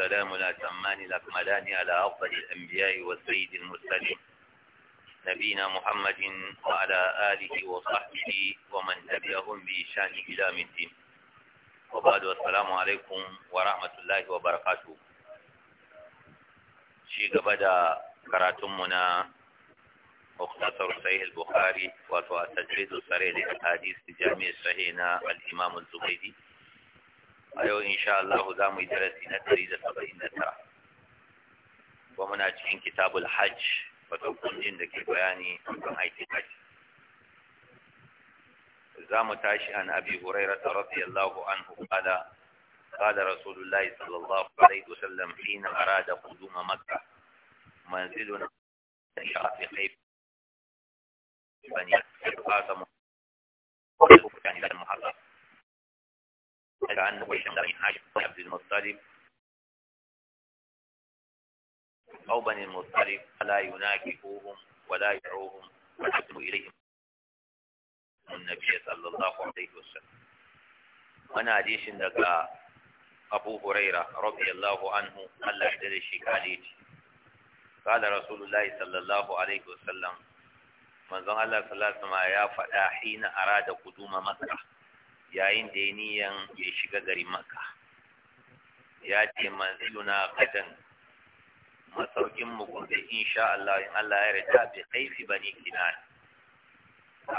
والسلام الأتمان الأكملان على أفضل الأنبياء والسيد المرسلين نبينا محمد وعلى آله وصحبه ومن تبعهم بإشان إلى من دين وبعد والسلام عليكم ورحمة الله وبركاته شيء بدأ كراتمنا مختصر صحيح البخاري وتدريس صحيح الحديث في جامع صحيحنا الإمام الزبيدي ايو ان شاء الله دام درسي نتري ده سبع ان ترى كتاب الحج وتكون دين دك بياني عن هاي الحج زام تاش عن ابي هريره رضي الله عنه قال قال رسول الله صلى الله عليه وسلم حين اراد قدوم مكه منزلنا شاف خيف بني قاسم عنه هشام بن عبد المطلب أو بني المطلب فلا يناكفوهم ولا يعوهم ويحكموا إليهم النبي صلى الله عليه وسلم وانا حديث لك أبو هريرة رضي الله عنه الله يحدد الشكاليج قال رسول الله صلى الله عليه وسلم من ظن الله صلى الله عليه وسلم يا فتاحين أراد قدوم مكة yayin da ya niyan ya shiga gari maka ya ce na kadan masaukin mu gobe insha Allah in Allah ya rata bi kaifi bani kinan a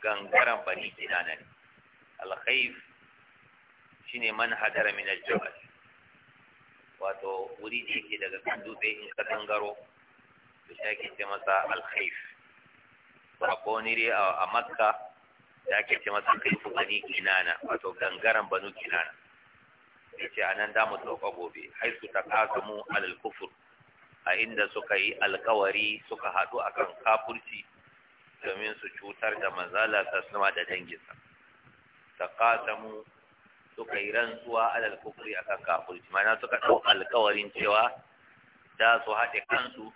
gangaran bani kinan ne alkhaif shine man hadara min aljabal wato wuri ne ke daga kan dutse in ka gangaro da shi ake ce masa alkhaif ba ko ne a makka da ake ce masa kai su bani kinana wato gangaren banu kinana ya ce a nan za mu sauka gobe Ai su ta kasamu alal kufur a inda suka yi alkawari suka haɗu akan kafurci domin su cutar da manzala ta sama da danginsa ta kasamu suka yi rantsuwa alal a akan kafurci mana suka ɗau alkawarin cewa za su haɗe kansu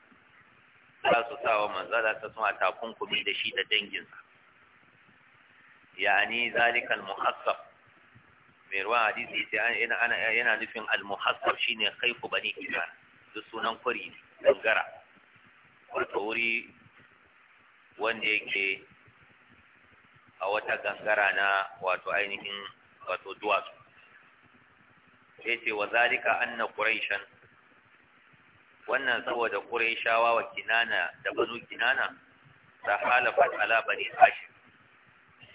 za su sa wa manzala ta sama takunkumi da shi da danginsa Ya'ani zalika al-muhassab mai ruwan hadisi sai yana ana yana nufin al-muhassab shine khayfu bani isa duk sunan kwari ne gangara wato wuri wanda yake a wata gangara na wato ainihin wato duwatsu Ya ce wa zalika anna quraishan wannan saboda quraishawa wa kinana da banu kinana da halafat ala bani hashim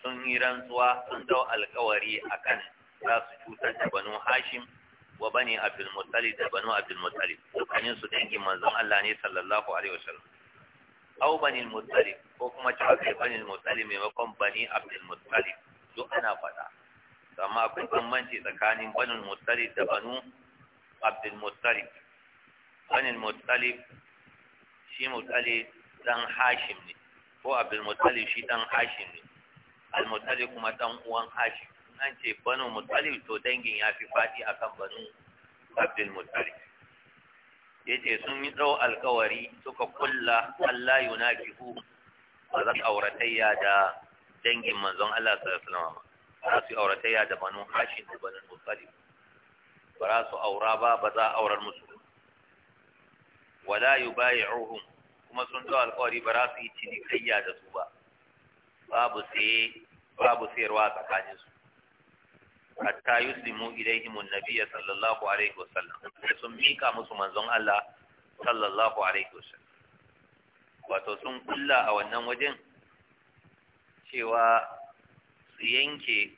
sun yi rantsuwa sun dau alkawari akan za su cutar da banu hashim wa bani abdul muttalib da banu abdul muttalib dukkanin su dangin manzon Allah ne sallallahu alaihi wasallam aw bani muttalib ko kuma cewa kai bani muttalib maimakon bani abdul muttalib duk ana faɗa amma akwai bambanci tsakanin bani muttalib da banu abdul muttalib bani muttalib shi muttalib dan hashim ne ko abdul muttalib shi dan hashim ne al kuma dan uwan hashi an ce banu mutali to dangin ya fi fadi akan banu abdul Ya ce sun yi tsawo alkawari suka kulla Allah yunakihu ba za su auratayya da dangin manzon Allah sallallahu alaihi wasallam ba su auratayya da banu hashi da banu mutali ba za su aura ba ba za a aurar musu wala yubayi'uhum kuma sun dau alkawari ba za su yi cinikayya da su ba babu sai babu sayarwa a tsakanin su hatta yuslimu ilaihim annabiyya sallallahu alaihi wasallam sun mika musu manzon Allah sallallahu alaihi wasallam wato sun kulla a wannan wajen cewa su yanke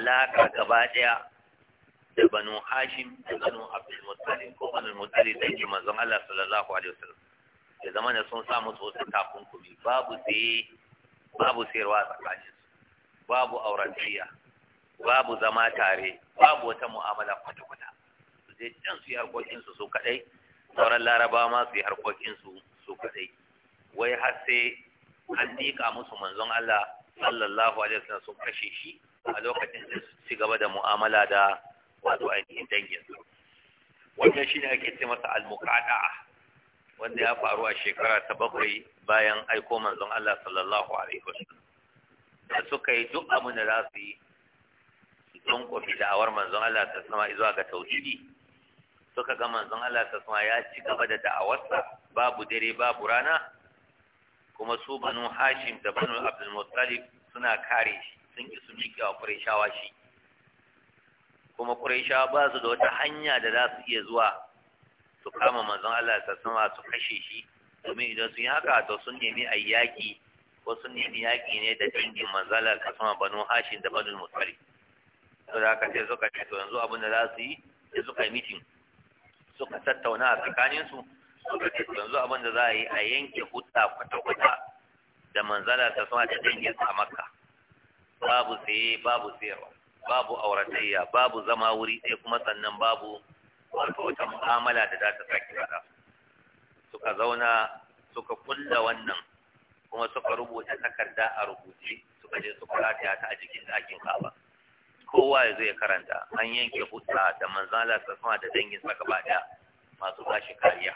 alaka gaba daya da banu hashim da banu abdul muttalib ko banu muttalib da ke manzon Allah sallallahu alaihi wasallam ya zama da sun sa musu wasu takunkumi babu sai babu sayarwa tsakanin su babu auratayya babu zama tare babu wata mu'amala kwata-kwata su je can su yi harkokinsu su kadai sauran laraba ma su yi harkokinsu su kadai wai har sai an dika musu manzon Allah sallallahu alaihi wasallam sun kashe shi a lokacin da su ci gaba da mu'amala da wato ainihin dangin su wannan shine ake ce masa al wanda ya faru a shekara ta bakwai bayan aiko manzon Allah sallallahu alaihi wasallam da suka yi duk abin da za su yi su tunkufi da'awar manzon Allah ta sama zuwa ga tauhidi suka ga manzon Allah ta sama ya ci gaba da da'awarsa babu dare babu rana kuma su banu Hashim da banu Abdul Muttalib suna kare shi sun yi su miƙe wa shi kuma kuraishawa ba su da wata hanya da za su iya zuwa su kama manzon Allah ta sama su kashe shi domin idan sun yi haka to sun nemi a yaƙi ko sun nemi yaƙi ne da dangin manzon Allah ta sama banu hashin da banu mutari to da haka ce suka ce to yanzu abin da za su yi sai suka yi mitin suka tattauna a tsakaninsu suka ce yanzu abin da za a yi a yanke hutta kwata-kwata da manzala ta sama ta dangin a makka babu saye babu sayarwa babu auratayya babu zama wuri sai kuma sannan babu wato wata mu'amala da za ta saki hada suka zauna suka kulla wannan kuma suka rubuta takarda a rubuce suka je suka rataya ta a jikin ɗakin kaba kowa ya zai karanta an yanke hutsa da manzala sama da dangin saka gaba ɗaya masu bashi kariya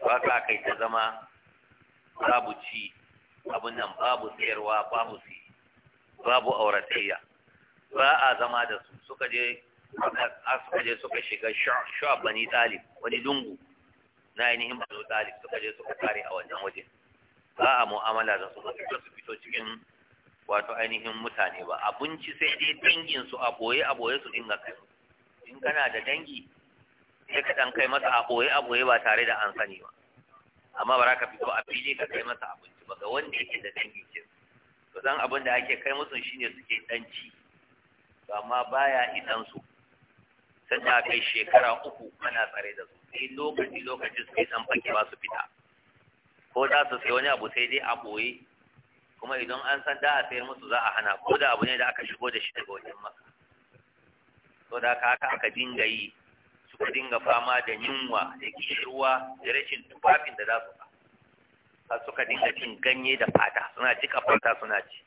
ba ka kai ta zama babu ci abun nan babu tsayarwa babu si babu auratayya ba a zama da su suka je suka je suka shiga shu'ab bani talib wani dungu na ainihin bani talib suka je suka kare a wannan waje ba a mu'amala da su ba su fito cikin wato ainihin mutane ba abinci sai dai dangin su a boye a boye su dinga kai in kana da dangi sai ka dan kai masa a boye a boye ba tare da an sani ba amma ba za ka fito a fili ka kai masa abinci ba ga wanda yake da dangin kin to dan abin da ake kai musu shine suke dan to amma baya idan su sun da kai shekara uku ana tsare da su sai lokaci lokaci sai san fake ba su fita ko za su sai wani abu sai dai a boye kuma idan an san da a sayar musu za a hana ko da abu ne da aka shigo da shi daga wajen masa to da haka aka dinga yi suka dinga fama da yunwa da kishirwa da rashin tufafin da za su ba Ka suka dinga cin ganye da fata suna cika fata suna ci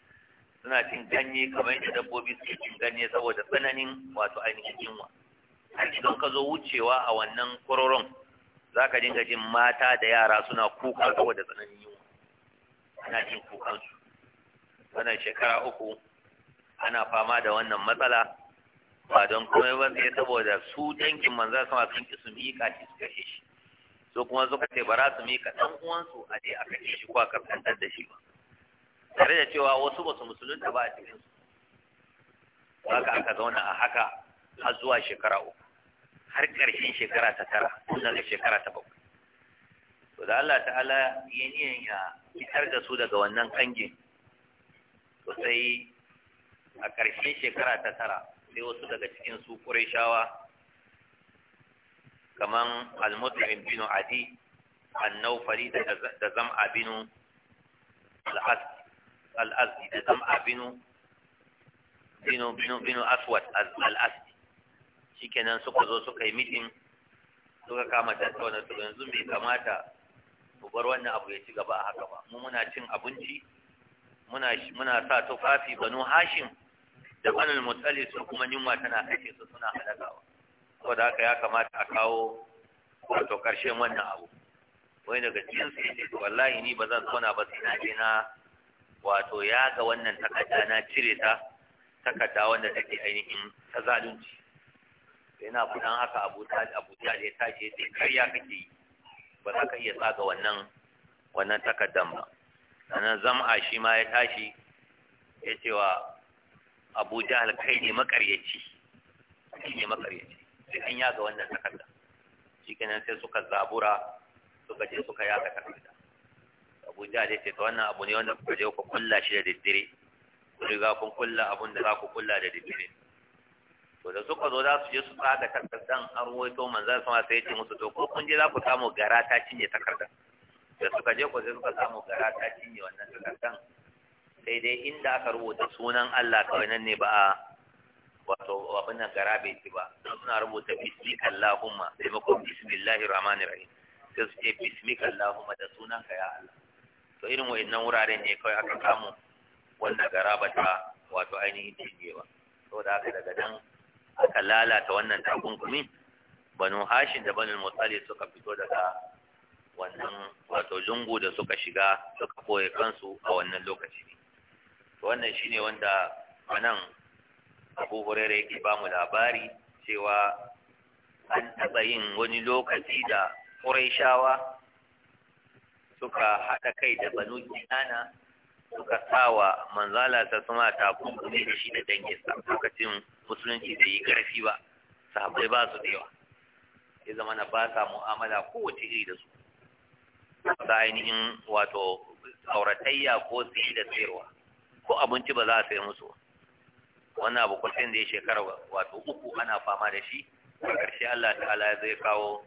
suna cin ganye kamar yadda dabbobi suke cin ganye saboda tsananin wato ainihin yunwa har idan ka zo wucewa a wannan kororon za ka dinga jin mata da yara suna kuka saboda tsananin yunwa ana jin kukansu wannan shekara uku ana fama da wannan matsala ba don kuma ba sai saboda su dangin manza sama sun ki su miƙa shi su kashe shi so kuma suka ce ba za su miƙa ɗan uwansu a je a kashe shi ko a kaskantar da shi ba tare da cewa wasu ba su musulunta ba a cikin su haka aka zauna a haka har zuwa shekara uku har ƙarshen shekara ta tara tun daga shekara ta bakwai to da Allah ta'ala ya niyan ya fitar da su daga wannan kangin to sai a ƙarshen shekara ta tara sai wasu daga cikin su ƙureshawa kaman al-mut'im bin adi annau, nawfari da zam'a bin al-azdi da zam'a bin bin bin aswad al shikenan suka zo suka yi mitin suka kama tattauna su yanzu bai kamata ku bar wannan abu ya ci gaba a haka ba mu muna cin abinci muna muna sa tufafi banu hashim da banul mutsali su kuma yunwa tana kashe su suna halakawa saboda haka ya kamata a kawo wato ƙarshen wannan abu wai daga cikin su yace wallahi ni ba zan zauna ba sai na je na wato ya ga wannan takarda na cire ta takarda wanda take ainihin ta zalunci sai na kudan haka abu ta abu ta ya tashi sai karya kake yi ba za ka iya tsaga wannan wannan takaddan ba sannan zam'a shi ma ya tashi ya ce wa abu jahal kai ne makaryaci kai ne makaryaci sai an yaga wannan takarda shi kenan sai suka zabura suka je suka yaga takarda abu jahal ya ce ta wannan abu ne wanda kuka je ku kulla shi da daddare ku riga kun kulla abun da za ku kulla da daddare to da suka zo za su je su tsada takardan an ruwaito manzan sama sai ce musu to ko kun je za ku samu gara ta cinye takardan da suka je ku sai suka samu gara ta cinye wannan takardan sai dai inda aka rubuta sunan Allah kawai nan ne ba a wato abin nan gara bai ci ba suna rubuta bismika Allahumma sai ko bismillahir rahmanir rahim sai su ce bismika Allahumma da sunan ka ya Allah to irin wa'annan wuraren ne kawai aka samu wannan gara ba ta wato ainihin cinyewa saboda haka daga nan aka lalata wannan takunkumi banu hashin da banu mutsali suka fito daga wannan wato zungu da suka shiga suka koye kansu a wannan lokaci ne wannan shine wanda anan abu hurairu yake ba mu labari cewa an taɓa yin wani lokaci da ƙuraishawa suka haɗa kai da banu kinana suka sawa manzala ta suma takunkumi da shi da danginsa lokacin musulunci da yi karfi ba sahabbai ba su da yawa ya zama na ba sa mu'amala kowace iri da su ta ainihin wato auratayya ko yi da sayarwa ko abinci ba za a sayi musu wannan abu kwalfin da ya shekara wato uku ana fama da shi a ƙarshe Allah ta'ala zai kawo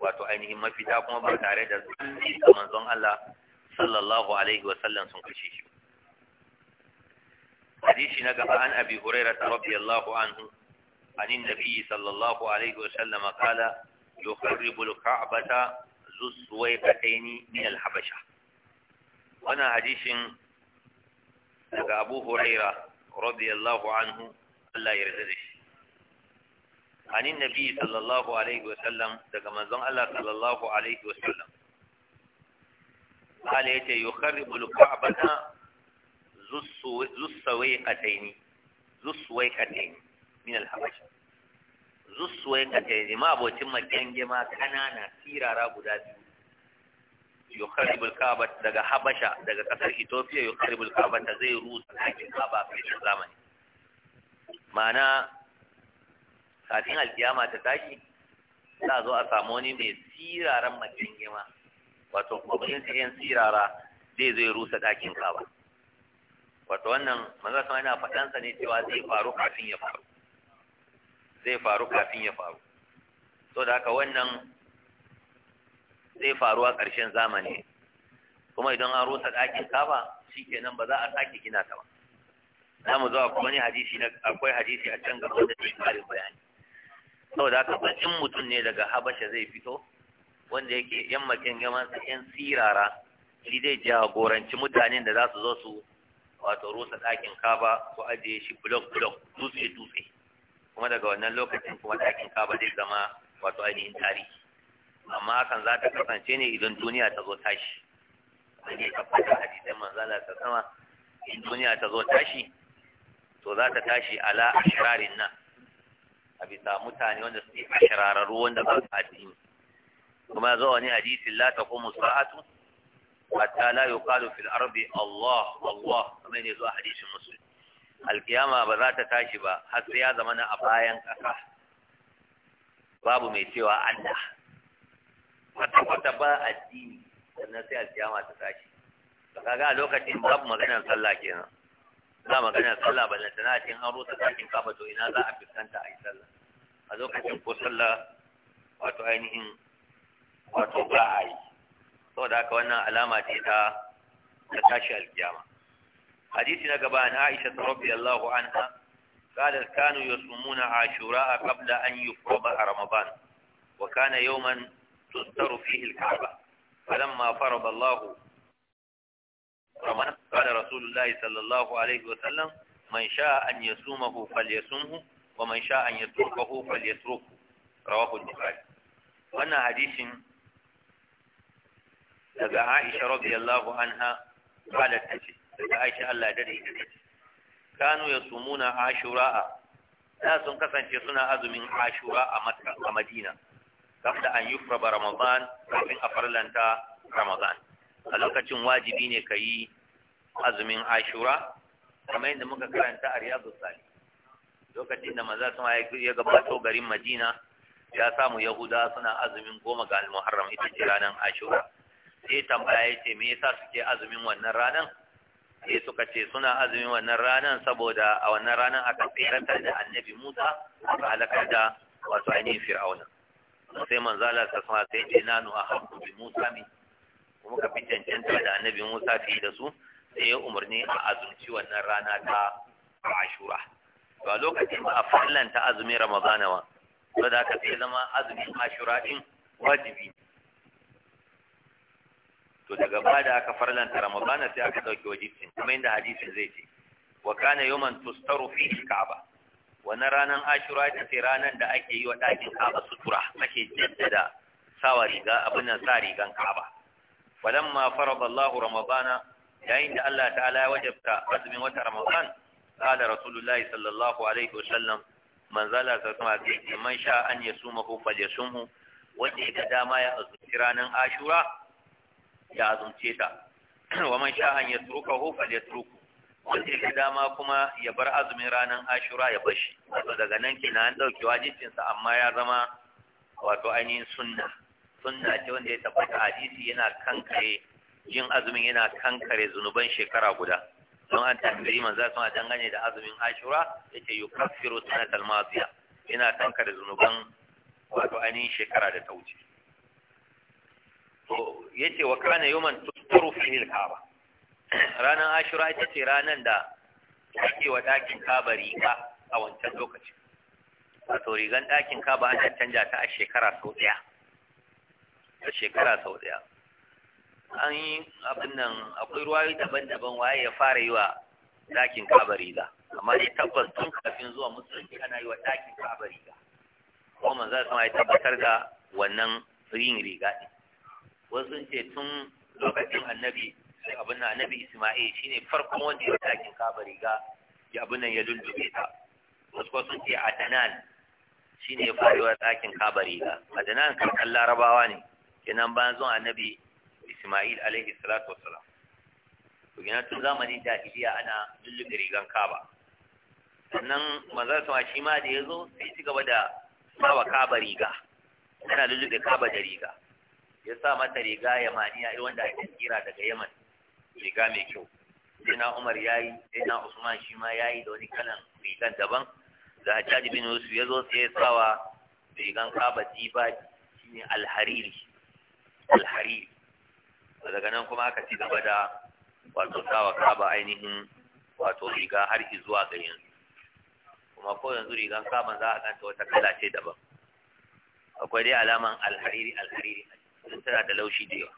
wato ainihin mafita kuma ba tare da manzon Allah sallallahu alaihi wa sallam sun kashe shi hadisi na gaba an abi hurairah radiyallahu anhu عن النبي صلى الله عليه وسلم قال يقرب الكعبة ذو السويقتين من الحبشة وانا حديث لك أبو هريرة رضي الله عنه الله يرزدش عن النبي صلى الله عليه وسلم لك منظم الله صلى الله عليه وسلم قال يتي يقرب الكعبة zussuwai kataini zussuwai kataini min ma abocin majange ma kanana sirara guda biyu yukharibul kaaba daga habasha daga kasar ethiopia yukharibul kaaba ta zai rusa ɗakin kaaba kai zamani ma'ana kafin alkiyama ta tashi za a zo a samu wani mai siraran majange wato kuma sirara zai rusa ɗakin kaba wato wannan manzo sama yana faɗan sa ne cewa zai faru kafin ya faru zai faru kafin ya faru to da haka wannan zai faru a ƙarshen zamani kuma idan an rusa ɗakin kaba shikenan ba za a sake gina ta ba za mu zo a ne hadisi na akwai hadisi a can gaba da zai ƙarin bayani saboda haka bakin mutum ne daga habasha zai fito wanda yake yammacin sa yan sirara shi zai jagoranci mutanen da za su zo su wato rusa ɗakin kaba ko ajiye shi blok blok dutse dutse kuma daga wannan lokacin kuma ɗakin kaba zai zama wato ainihin tarihi amma hakan za ta kasance ne idan duniya ta zo tashi an yi tabbata hadisan manzala ta sama in duniya ta zo tashi to za ta tashi ala ashirarin nan a bisa mutane wanda suke ashirararru wanda ba su addini kuma zo wani hadisin la taqumu sa'atu hatta la yuqalu fil ardi Allah Allah kamar ne zuwa hadisin muslim alkiyama ba za ta tashi ba har ya zama na a bayan babu mai cewa Allah kwata kwata ba addini sannan sai alkiyama ta tashi kaga a lokacin babu maganar sallah kenan za maganar sallah ba lantana a cikin an rusa kafa to ina za a a yi sallah a lokacin ko sallah wato ainihin wato ba a yi saboda haka wannan alama ce ta ta tashi alkiyama hadisi na gaba na Aisha radiyallahu anha قالت كانوا يصومون عاشوراء قبل أن يفرض رمضان وكان يوما تستر فيه الكعبة فلما فرض الله رمضان قال رسول الله صلى الله عليه وسلم من شاء أن يصومه فليصومه ومن شاء أن يتركه فليتركه رواه البخاري wannan hadisin daga Aisha radiyallahu anha qalat tace daga Aisha Allah da dare tace kanu yasumuna ashura'a da sun kasance suna azumin ashura a Makka a Madina kafda an yufra Ramadan kafin a farlanta Ramadan a lokacin wajibi ne yi azumin ashura kamar yadda muka karanta a Riyadus Salih lokacin da maza sun ya gabato garin Madina ya samu Yahuda suna azumin goma ga al-Muharram ita ce ranar Ashura sai tambaya ya ce me yasa suke azumin wannan ranan sai suka ce suna azumin wannan ranan saboda a wannan ranan aka tsirantar da annabi Musa aka halakar da wasu ainihin fir'auna sai manzo Allah ta suna sai ce nanu a hakku bi Musa mi kuma ka fi cancanta da annabi Musa fi da su sai ya umarni a azumci wannan rana ta Ashura ba lokacin ba a fallanta azumin Ramadana ba saboda haka sai zama azumin Ashura din wajibi to daga baya da aka farlanta ramadana sai aka dauki wajibin kamar inda hadisin zai ce wa kana yawman tustaru fihi ka'aba wannan ranan ashura ita ce ranan da ake yi wa dakin ka'aba sutura ake jaddada sawa riga abin nan sa rigan ka'aba walamma farada Allahu ramadana yayin da Allah ta'ala ya wajabta azumin wata ramadan قال رسول الله صلى الله عليه وسلم من زال سكما من شاء أن يصومه فليصومه dama ya azurci ranar ashura ya azumce ta wa man sha an yatrukahu falyatruku wanda ya dama kuma ya bar azumin ranar ashura ya bashi wato daga nan kina an dauki wajibin sa amma ya zama wato ainihin sunna sunna ce wanda ya tabbata hadisi yana kankare yin azumin yana kankare zunuban shekara guda don an tambayi manzo sun dangane da azumin ashura yace yukaffiru sanatal madiya yana kankare zunuban wato ainihin shekara da ta wuce yace wa kana yawman tustaru fihi al-kaaba ranan ashura ita ce ranan da ake wa dakin kaaba riga a wancan lokacin wato rigan dakin kaaba an canja ta a shekara sau daya a shekara sau daya an yi abin nan akwai ruwayoyi daban-daban waye ya fara yi wa dakin kaaba riga amma dai tabbas tun kafin zuwa musulunci ana yi wa dakin kaaba riga kuma manzo su ya tabbatar da wannan yin riga din wasu sun ce tun lokacin annabi abin nan annabi Isma'il shine farkon wanda ya takin kaba riga ya abin nan ya lullube ta wasu kuma sun ce Adnan shine faruwar takin kaba riga Adnan kan Larabawa ne kenan bayan zuwa annabi Isma'il alaihi salatu wassalam to kenan tun zamanin jahiliya ana lullube rigan kaba sannan manzon sama shi ma da ya zo sai ci gaba da sawa kaba riga ana lullube kaba da riga ya sa mata riga yamaniya irin wanda ake kira daga yaman riga mai kyau sai na umar ya yi sai na usman shi ma ya yi da wani kalan rigan daban da hajjaji bin yusuf ya zo sai ya sawa rigan kaba jiba shi ne alhariri alhariri daga nan kuma aka ci gaba da wato sawa kaba ainihin wato riga har zuwa ga yanzu kuma ko yanzu rigan kaba za a ganta wata kala ce daban akwai dai alaman alhariri alhariri a don tana da laushi da yawa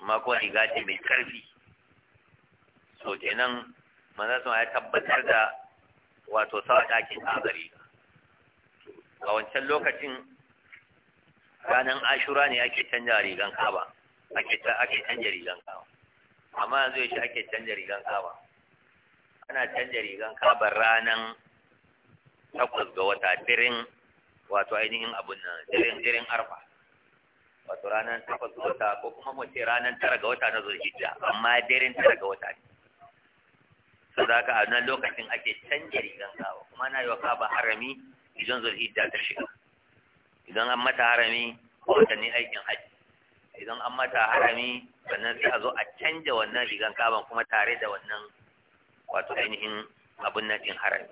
amma kuma riga ce mai karfi so kenan manzon sama ya tabbatar da wato sawa ɗakin ta gari a wancan lokacin ranar ashura ne ake canja rigan kaba ake canja rigan kaba amma yanzu yaushe ake canja rigan kaba ana canja rigan kaba ranar takwas ga wata firin wato ainihin abun nan jirin arfa wato ranar takwas ga wata ko kuma mu ce ranar tara ga wata na hijja amma daren tara ga wata ne sau da haka a nan lokacin ake canja rigan kawa kuma na yi wa kaba harami idan hijja ta shiga idan an mata harami ne aikin hajji idan an mata harami sannan sai a zo a canja wannan rigan kaban kuma tare da wannan wato ainihin abun nan din harami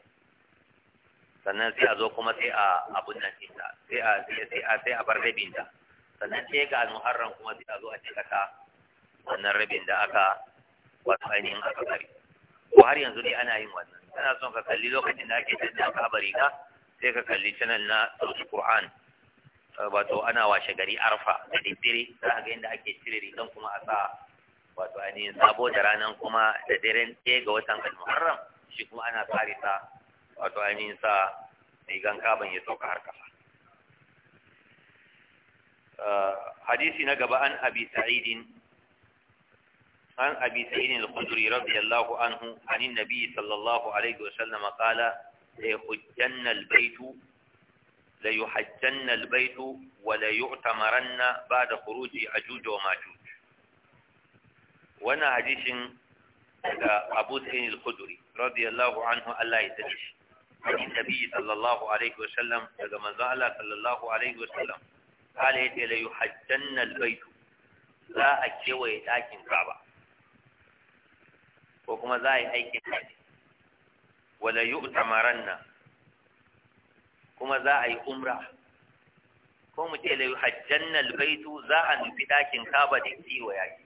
sannan sai a zo kuma sai a abun nan din sai a sai a sai a bar rabin ta sannan ɗaya ga al-muharram kuma sai a zo a cika ta wannan rabin da aka wato ainihin aka bari ko har yanzu ne ana yin wannan kana son ka kalli lokacin da ake tattara ka bari ka sai ka kalli channel na sauti Qur'an eh, wato ana washe gari arfa da daddare za a ga yadda ake cire rigan kuma a sa wato ainihin sabo da ranar kuma da daren ɗaya ga watan almuharram shi kuma ana tsari sa wato ainihin sa rigan kaban ya sauka har kafa hadisi na gaba an abi sa'idin an abi sa'idin anhu sallallahu alaihi wa sallam qala la yuhajjanna al-baytu la yuhajjanna al-baytu wa la yu'tamaranna ba'da khuruji ajuj wa majuj wannan hadisin daga anhu Allah ya tsare sallallahu alaihi wa sallam daga sallallahu alaihi wa sallam قال يتي ليحجن البيت za a kewaye ɗakin kaba ko kuma za a yi aikin haji wala yi utamaranna kuma za a yi umra ko mu ce layu hajjan albaitu za a nufi ɗakin kaba da kiwa yaki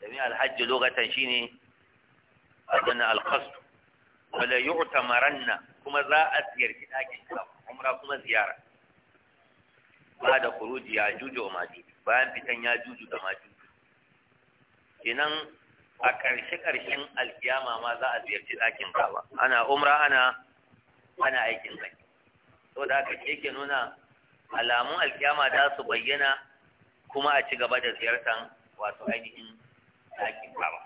domin alhajji lokacin shi ne azan alkastu wala yi utamaranna kuma za a ziyarci ɗakin kaba umra kuma ziyara ba da kuruji ya juju wa maji bayan fitan ya juju da maji kenan a ƙarshe ƙarshen alkiyama ma za a ziyarci ɗakin kaba ana umra ana ana aikin kai to da aka ce ke nuna alamun alkiyama za su bayyana kuma a ci gaba da ziyartar wato ainihin ɗakin kaba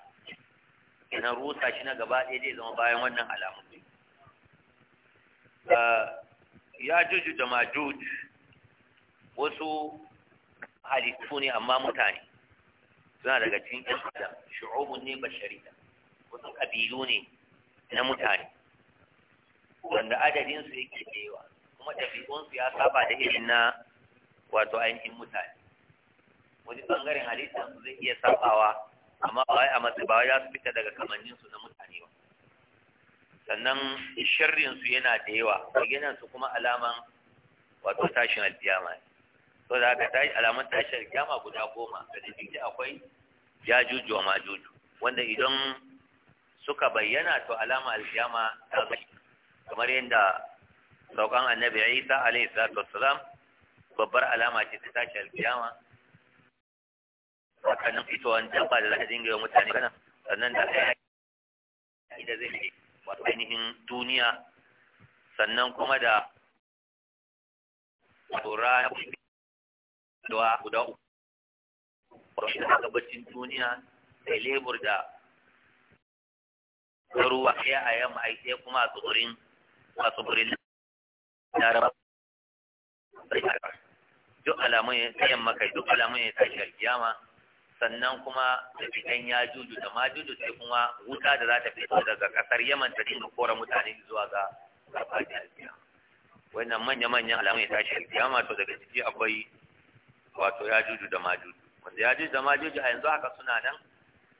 kenan rusa shi na gaba ɗaya zai zama bayan wannan alamun ah, ya juju da majuju wasu halittu ne amma mutane suna daga cikin ƴan adam shu'ubun ne bashariya wasu ƙabilu ne na mutane wanda adadinsu yake da yawa kuma ɗabi'unsu ya saba da irin na wato ainihin mutane wani ɓangaren halittar su zai iya sabawa amma ba a matsayi ba za su fita daga kamanninsu na mutane ba sannan sharrinsu yana da yawa bayyanansu kuma alaman wato tashin alfiyama ne to da ka tashi alamun tashar kyama guda goma da ciki akwai yajuju wa juju. wanda idan suka bayyana to alama alkiyama ta zo kamar yadda saukan annabi Isa alaihi salatu wassalam babbar alama ce ta tashi alkiyama fito fitowar dabba da za ta dinga yi mutane kana sannan da hayaki da zai wato ainihin duniya sannan kuma da tsora cewa guda uku wasu da gabacin duniya da lebur da ruwa ya a yamma a ɗaya kuma a tsibirin a tsibirin laraba duk alamun ya tsayan makai duk alamun ya tashi kiyama sannan kuma da fitan ya juju da ma juju sai kuma wuta da za ta fito daga kasar yaman ta dinga kora mutane zuwa ga farfajiyar alkiyama wannan manya-manyan alamun ya tashi kiyama to daga ciki akwai wato ya juju da majuju wanda ya juju da majuju a yanzu haka suna nan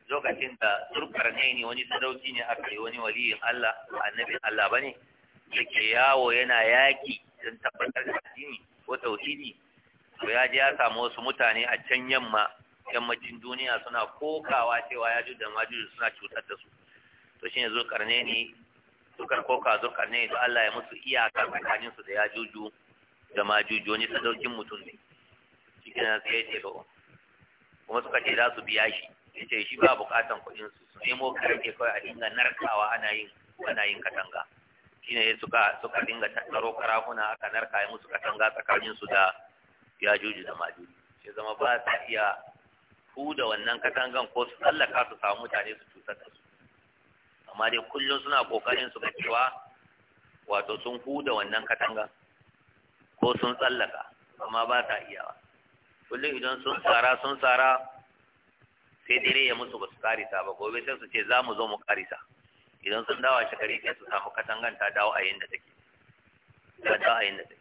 lokacin da turkar ne ne wani sadauki ne aka yi wani waliyin Allah annabin Allah bane yake yawo yana yaki don tabbatar da addini ko tauhidi to ya ji ya samu wasu mutane a can yamma yammacin duniya suna kokawa cewa ya juju da majuju suna cutar da su to shine zulkarne ne sukar koka zulkarne ne to Allah ya musu iyaka tsakaninsu da ya juju da majuju wani sadaukin mutum ne shi kenan sai ce kuma suka ce za su biya shi ya ce shi ba bukatan kuɗin su su nemo karfe kawai a dinga narkawa ana yin ana yin katanga ne suka suka dinga tattaro karafuna aka narka ya musu katanga tsakanin su da yajuji da majuji sai zama ba sa iya huda wannan katangan ko su tsallaka su samu mutane su cutar da su amma dai kullum suna kokarin su ga cewa wato sun huda wannan katangan ko sun tsallaka amma ba sa iyawa kullum idan sun tsara sun tsara sai dare ya musu ba su karisa ba gobe sai su ce za mu zo mu karisa idan sun dawa shekari sai su samu katangan ta dawo a yadda take ta dawo a yadda take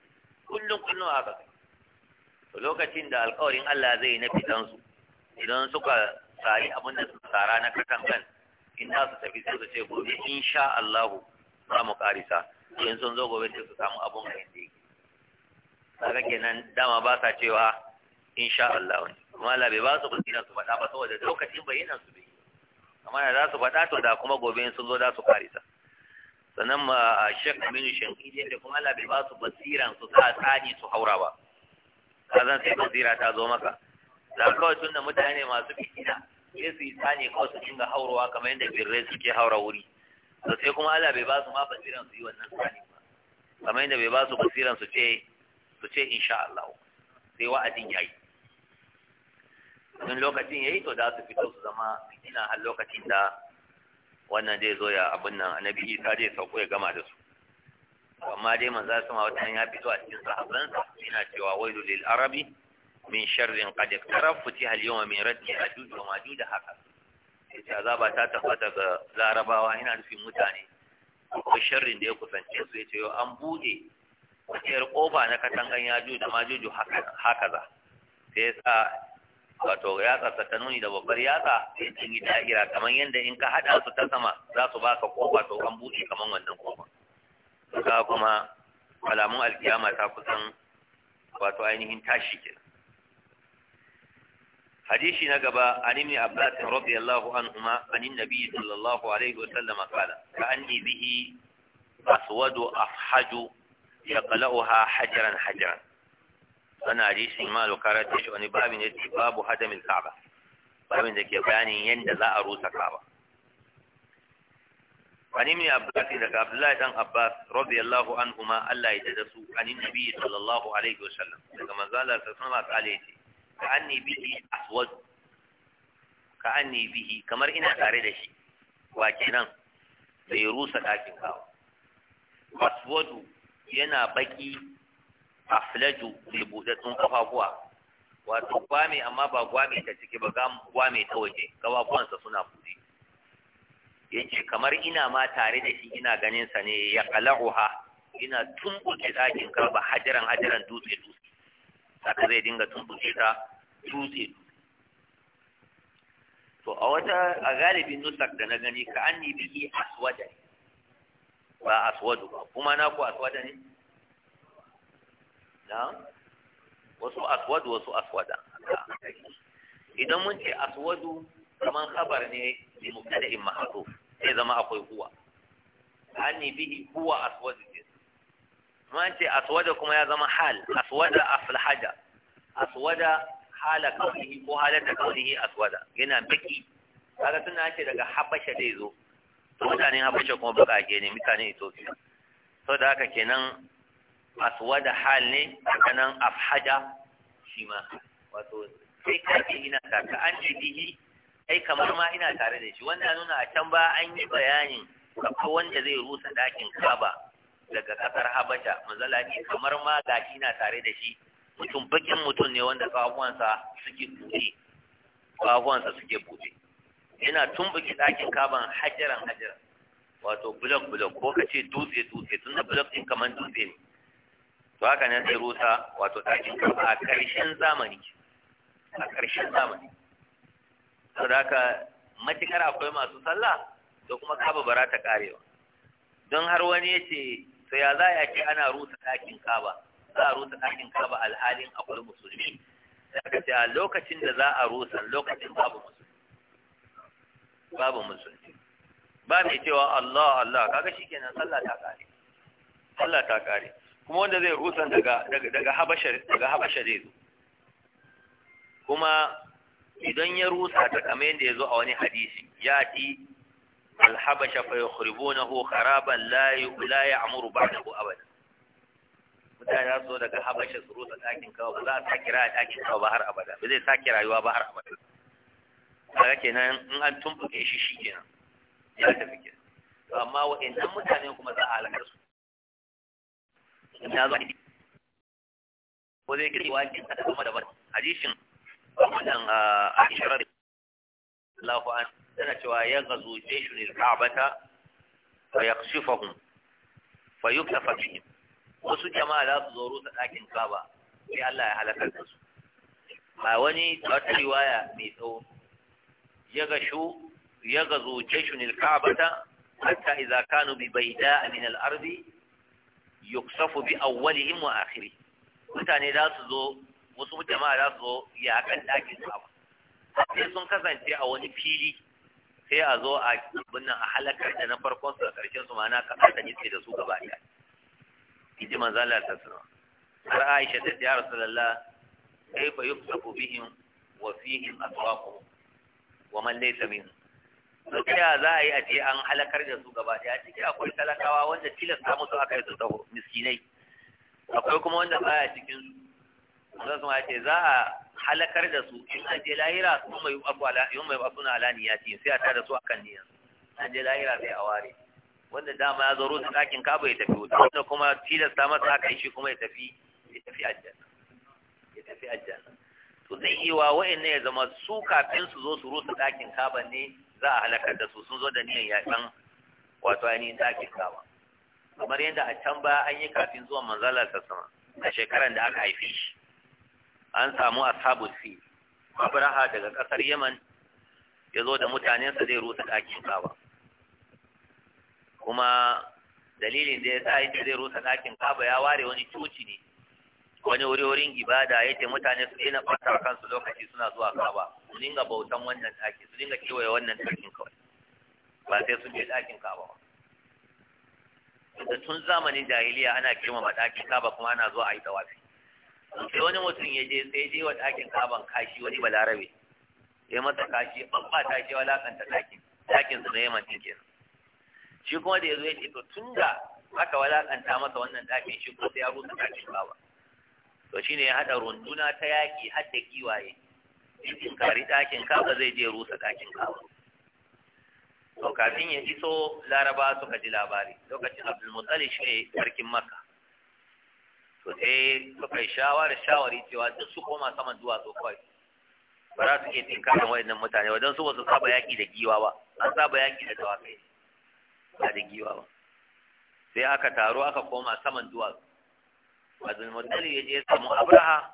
kullum kullum haka lokacin da alkawarin Allah zai na fitansu idan suka tsari abin da su tsara na katangan in za su tafi sai su ce gobe insha Allah za mu karisa idan sun zo gobe sai su samu abun a yadda yake kaga kenan dama ba sa cewa In sha Allah wani. kuma labe ba su basira su faɗa ba saboda lokacin bayyana su bai amma da za su faɗa to da kuma gobe sun zo za su ta sannan ma shek Aminu Shankidi da kuma labe ba su basiran su sa tsani su haura ba kazan sai basira ta zo maka da kawai tun da mutane masu fitina sai su yi tsani kawai su dinga haurawa kamar yadda birre suke haura wuri to sai kuma Allah bai ba su ma basiran su yi wannan tsani ba kamar yadda bai ba su basiran su ce su ce insha Allah sai wa'adin yayi in lokacin ya yi to da su fito su zama fitina har lokacin da wannan zai zo ya abin nan annabi Isa zai sauko ya gama da su amma dai za su ma wata ya fito a cikin sahabbansa yana cewa wai lil arabi min sharrin qad iqtaraf futiha al yawma min raddi ajuj wa majuj haka za azaba ta tabbata ga larabawa ina nufin mutane ko sharrin da ya kusance su ce yo an bude wata kofa na katangan ya da majuj haka haka za sai sa wato yatsa ta ta nuni da babbar yatsa sun yi da'ira kamar yadda in ka haɗa su ta sama za su baka kofa to an buɗe kamar wannan kofa ka kuma alamun alkiyama ta kusan wato ainihin tashi ke hadishi na gaba an ibn abbas radiyallahu anhuma an annabi sallallahu alaihi wa sallam kala ka yi bihi aswadu afhaju ha hajaran hajaran ana hadisi imanu da shi wani babu ne su babu hadamin kaba babu da ke bayanin yadda za a rusa kaba wani mai abdullahi daga abdullahi dan abbas rabbi Yallahu an kuma allah ya da su a nin nabi sallallahu alaihi wasallam daga manzala ta sama ta ce, ka an ne bihi aswad ka an ne bihi kamar ina tare da shi wa kenan bai rusa ɗakin kawo aswadu yana baki aflaju mai buɗaɗɗun kafafuwa wato gwame amma ba gwame ta ciki ba gwame ta waje Ƙafafuwansa suna buɗe yace kamar ina ma tare da shi ina ganin sa ne ya qala'uha ina tumbuke dakin karba hajaran hajaran dutse dutse saka zai dinga tumbuke ta dutse to a wata a galibin nusak da na gani ka anni biki aswada ba aswadu ba kuma na ku aswada ne na wasu aswadu wasu aswada idan mun ce aswadu kaman khabar ne da mubtada'in mahdhuf sai zama akwai huwa hani bihi huwa aswadu mun ce aswada kuma ya zama hal aswada haja. aswada hala kaunihi ko halata kaunihi aswada yana baki kaga tunda ce daga habasha dai zo mutanen habasha kuma bakake ne mutanen ethiopia sau da haka kenan aswada hal ne kanan afhaja shi ma wato sai kake ina tare ka an ji bihi ai kamar ma ina tare da shi wannan nuna a can ba an yi bayanin akwai wanda zai rusa dakin kaba daga kasar habasha manzala ne kamar ma ga shi na tare da shi mutum bakin mutum ne wanda kafuwansa suke buɗe kafuwansa suke buɗe yana tumbuki dakin kaban hajaran hajaran wato blok blok ko kace dutse dutse tunda blok din kamar dutse ne to haka nan sai rusa wato ɗakin kaba a ƙarshen zamani a ƙarshen zamani saboda haka matukar akwai masu sallah to kuma kaba bara ta karewa don har wani ya ce to ya za a ce ana rusa ɗakin kaba za a rusa ɗakin kaba alhalin akwai musulmi daga ce a lokacin da za a rusa lokacin babu musulmi babu musulmi ba mai cewa Allah Allah kaga shikenan sallah ta kare sallah ta kare kuma wanda zai rusan daga daga habasha daga zo kuma idan ya rusa ta kamar yadda ya zo a wani hadisi ya ti alhabasha fa yukhribunahu kharaban la la ya'muru ba'dahu abada mutane za su daga habasha su rusa ɗakin kawo ba za a sake raya ɗakin kawo ba har abada ba zai sake rayuwa ba har abada kaga kenan in an tumbuke shi shi kenan ya tafi kenan amma wa'annan mutane kuma za a halaka su da zo ko zai gari wajen da kuma da hadisin wannan ah, a shirar Allahu an tana cewa ya gazu jeshun al-Ka'bata fa yakshifuhum fa yuktafa bihim wasu jama'a za su zo rusa ɗakin Ka'ba sai Allah ya halakar da su a wani wata riwaya mai tsawo ya gashu ya gazu jeshun ta. kabata hatta idza kanu bi da min al-ardi yuksafu bi awwalihim wa akhirih mutane za su zo wasu jama'a za su zo ya kan dakin Ka'aba sai sun kasance a wani fili sai a zo a abin nan a halakar da na farkon su da karshen su ma'ana ka da nitse da su gaba ɗaya iji manzala ta suna har aisha ta ya rasulullah kaifa yuksafu bihim wa fihim aswaqu wa man laysa minhum ta ya za a yi a ce an halakar da su gaba A ciki akwai talakawa wanda tilasta musu aka yi su taho miskinai akwai kuma wanda baya cikin su za su ce za a halakar da su in an je lahira su mai abu mai abu na alani ya ce sai a tada su akan niyan an je lahira sai a ware wanda dama ya zaro su ɗakin kaba ya tafi wuta wanda kuma tilasta masa aka yi shi kuma ya tafi ya tafi aljanna ya tafi aljanna to zai yi wa waɗannan ya zama su kafin su zo su rusa ɗakin kaba ne za a halakar da su sun zo da niyan yaƙin wato ainihin ɗakin kawa kamar yadda a can baya an yi kafin zuwan manzalar ta sama a shekaran da aka haifi shi an samu ashabul fi abraha daga ƙasar yaman ya zo da mutanensa zai rusa ɗakin kawa kuma dalilin da ya sa yake zai rusa ɗakin kaba ya ware wani coci ne wani wuri ibada ya ce mutane su daina ɓata kansu lokaci suna zuwa kaba su dinga bautan wannan ɗaki su dinga kewaye wannan ɗakin kawai ba sai sun je ɗakin kaba ba da tun zamanin jahiliya ana girmama ɗakin kaba kuma ana zuwa a yi tawafi sai wani mutum ya je sai je wa ɗakin kaban kashi wani balarabe ya masa kashi ta shi walakanta ɗakin ɗakin su na yaman cikin shi kuma da ya zo ya ce to tun da aka walakanta masa wannan ɗakin shi ko sai ya rusa ɗakin kaba to shi ne ya haɗa runduna ta yaƙi har da giwaye in kari ɗakin kaba zai je rusa ɗakin kaba to kafin ya iso laraba suka ji labari lokacin abdulmutsali shi ne sarkin maka to sai suka yi shawarar shawari cewa duk su koma saman duwatsu kawai ba za su iya tinkarin waɗannan mutane wajen su ba su saba yaƙi da giwa ba an saba yaƙi da dawakai ba da giwa ba sai aka taru aka koma saman duwatsu abdulmuttalib ya je samu abraha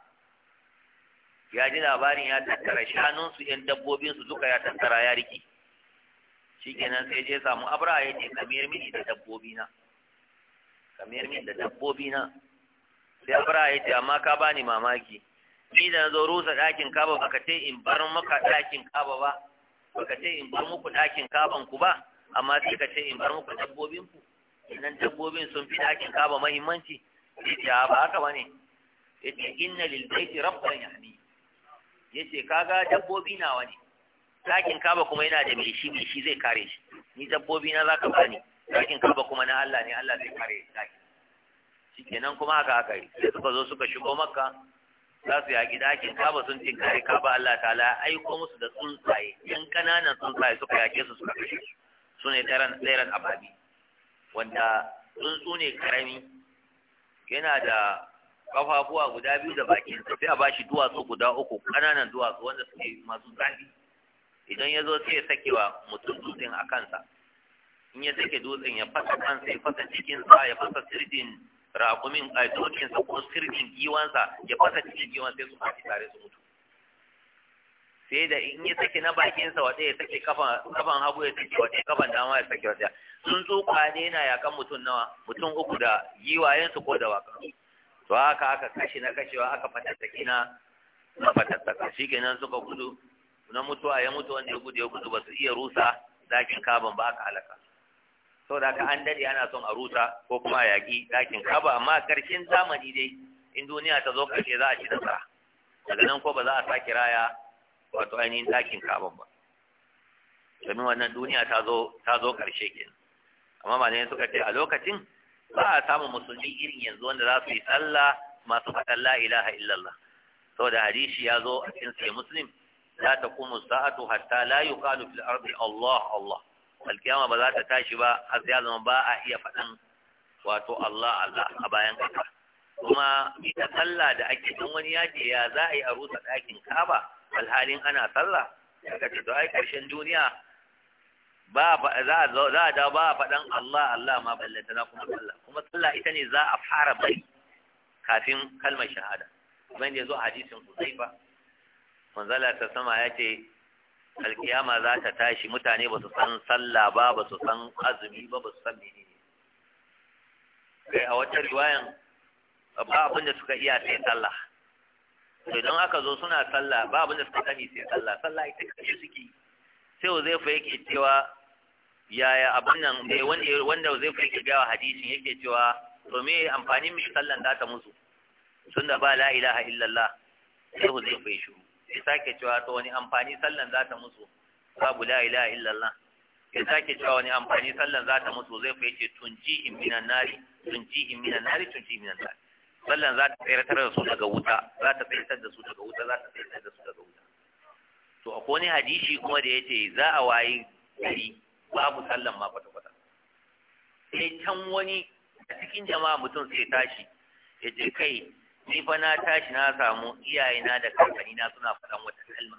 ya ji labarin ya tattara shanunsu yan dabbobinsu duka ya tattara ya rike shikenan sai je samu abraha ya ce kamar mini da dabbobina kamar mini da dabbobina sai abraha ya ce amma ka bani mamaki ni da na zo rusa ɗakin kaba baka ce in bar maka ɗakin kaba ba baka ce in bar muku ɗakin kaban ku ba amma sai ka ce in bar muku dabbobinku idan dabbobin sun fi ɗakin kaba mahimmanci ya ba haka ya ce inna lil baiti rabban ya ce kaga dabbobi nawa ne dakin kaba kuma yana da mai shi shi zai kare shi ni dabbobi na zaka bani dakin kaba kuma na Allah ne Allah zai kare shi shikenan kuma haka haka yi sai suka zo suka shigo makka za su yaƙi dakin kaba sun kare kaba Allah ta'ala aiko musu da tsuntsaye yan kananan tsuntsaye suka yaƙe su suka kashe su ne tsairan ababi wanda tsuntsu ne karami yana da kafafuwa guda biyu da bakin sa sai a bashi duwatsu guda uku kananan duwatsu wanda suke masu zafi idan ya zo sai ya sakewa mutum dutsen a kansa in ya sake dutsen ya fasa kansa ya fasa cikinsa ya fasa sirdin rakumin a dokinsa ko sirdin giwansa ya fasa cikin giwan sai su fashi tare su mutu sai da in ya sake na bakinsa wata ya sake kafan hagu ya sake wata kafan dama ya sake wata tsuntsu kwane na yakan mutum nawa mutum uku da giwayensu ko da waka to haka aka kashi na kashewa aka fatattaki na na fatattaka nan suka gudu na mutuwa ya mutu wanda ya gudu ya gudu ba su iya rusa dakin kaban ba aka halaka da aka an dade ana son a rusa ko kuma a yaƙi dakin kaba amma karshen zamani dai in duniya ta zo karshe za a ci nasara daga nan ko ba za a sake raya wato ainihin dakin kaban ba domin wannan duniya ta zo ta zo karshe kenan kuma malamai suka ce a lokacin ba a samun musulmi irin yanzu wanda za su yi sallah masu faɗan la ilaha illallah saboda hadisi ya zo a cikin sai za ta taqumu sa'atu hatta la yuqalu fil ardi Allah Allah alkiyama ba za ta tashi ba har sai zama ba a iya faɗan wato Allah Allah a bayan kasa kuma ita sallah da ake don wani ya ce ya za a yi a rusa ɗakin kaba alhalin ana sallah daga to ai ƙarshen duniya ba za a dawo ba a faɗan Allah Allah ma ballata na kuma sallah kuma sallah ita ne za a fara bari kafin kalmar shahada kamar da zo a hadisin Huzaifa manzala ta sama ya ce alkiyama za ta tashi mutane ba su san sallah ba ba su san azumi ba ba su san ne kai a wata riwayan ba abin da suka iya sai sallah to idan aka zo suna sallah ba abin da suka sani sai sallah sallah ita kashi suke sai fa yake cewa yaya abin nan mai wanda zai fi gawa hadisin yake cewa to me amfani mai sallan za ta musu da ba la ilaha illallah sai ku zai fi shi ya sake cewa to wani amfani sallan za ta musu babu la ilaha illallah ya sake cewa wani amfani sallan za ta musu zai fi ce tunji in minan nari tunji in minan nari tunji in minan nari sallan za ta tsayar da su daga wuta za ta tsayar da su daga wuta za ta tsayar da su daga wuta to akwai wani hadisi kuma da ya yace za a wayi gari babu sallan ma kwata kwata sai can wani a cikin jama'a mutum sai tashi ya je kai ni fa na tashi na samu iyayena da na suna faɗan wata kalma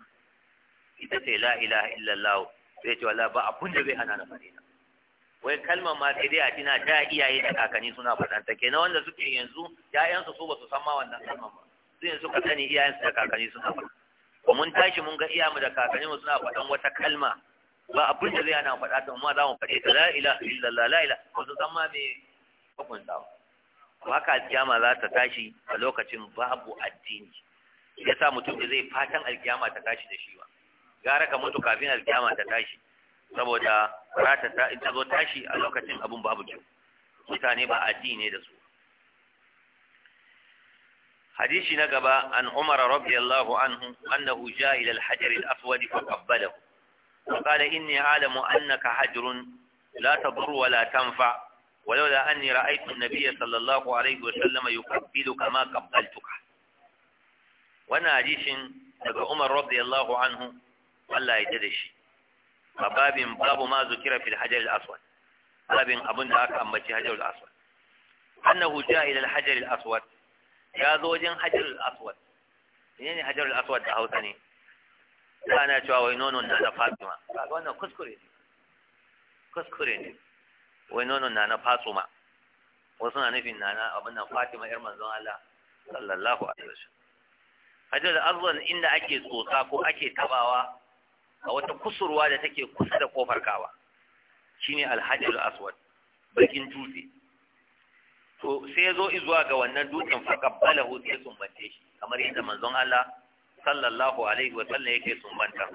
ita ce la ilaha illallah sai ce wala ba abun da bai hana na faɗi na wai kalmar ma sai dai a tina da iyaye da kakanni suna faɗan ta kenan wanda suke yanzu ƴaƴan su ba su san ma wannan kalmar ba su yanzu ka sani iyayensu da kakanni suna faɗa mun tashi mun ga iyamu da kakanni suna faɗan wata kalma ba abin da zai ana faɗa ta amma za mu faɗe ta la ilaha illallah la ilaha wasu san ma me hukunta ba ka alkiyama za ta tashi a lokacin babu addini ya sa mutum da zai fatan alkiyama ta tashi da shi ba gara ka mutu kafin alkiyama ta tashi saboda rata ta ta zo tashi a lokacin abun babu kyau mutane ba addini da su حديث نقبة عن عمر رضي الله عنه أنه جاء إلى الحجر الأسود فقبله فقال إني أعلم أنك حجر لا تضر ولا تنفع ولولا أني رأيت النبي صلى الله عليه وسلم يقبلك ما قبلتك وانا حديث daga Umar radiyallahu anhu Allah ya dade shi babin babu ma zukira fil hajar al-aswad babin abin da aka ambaci hajar al-aswad annahu jaa ila al-hajar al-aswad ya zo wajen hajar al hajar al da Hausa ne ana cewa wai nonon na na fatima kaga wannan kuskure ne kuskure ne wai nonon na na fatima wasu na nufin na na abin nan fatima yar manzon Allah sallallahu alaihi wasallam hajjar azwan inda ake tsotsa ko ake tabawa a wata kusurwa da take kusa da kofar kawa shine alhajjul aswad bakin dutse to sai yazo izuwa ga wannan dutsen fa kabbalahu sai bace shi kamar yadda manzon Allah sallallahu alaihi wa sallam yake sumbanta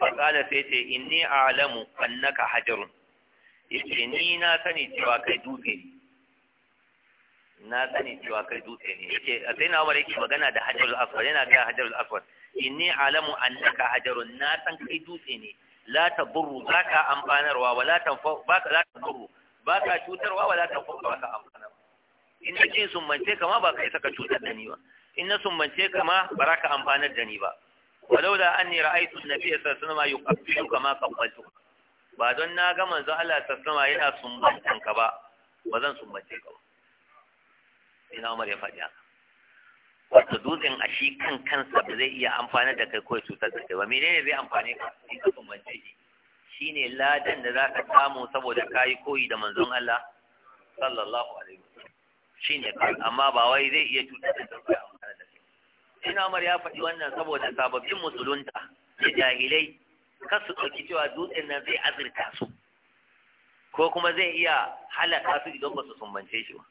fa kala sai ce inni a'lamu annaka hajarun yace ni na sani cewa kai dutse ne na sani cewa kai dutse ne yace sai na umar yake magana da hajarul aswad yana ga hajarul aswad inni a'lamu annaka hajarun na san kai dutse ne la taburru zaka amfanarwa wala tanfa baka la taburru baka cutarwa wala tanfa baka amfanarwa in ce sun mance kama ba kai saka cutar da ni ba in na sumbance ka ma ba za ka amfanar da ni ba walau da an ne ra'aitu na fiye sassama yi kafilu kama kabbaltu ba don na ga manzo Allah sassama yana sumbantan ka ba ba zan sumbance ka ba ina umar ya faɗi haka wato dutsen a shi kan kansa ba zai iya amfanar da kai ko ya cutar da kai ba menene zai amfane ka in ka sumbance shi shine ladan da za ka samu saboda kayi koyi da manzon Allah sallallahu alaihi shi ne kai amma ba wai zai iya cutar da sarki a mutane da ina mar ya faɗi wannan saboda sababbin musulunta da jahilai kasu su ɗauki cewa dutsen nan zai azurta su ko kuma zai iya halaka su idan ba su sumbance shi ba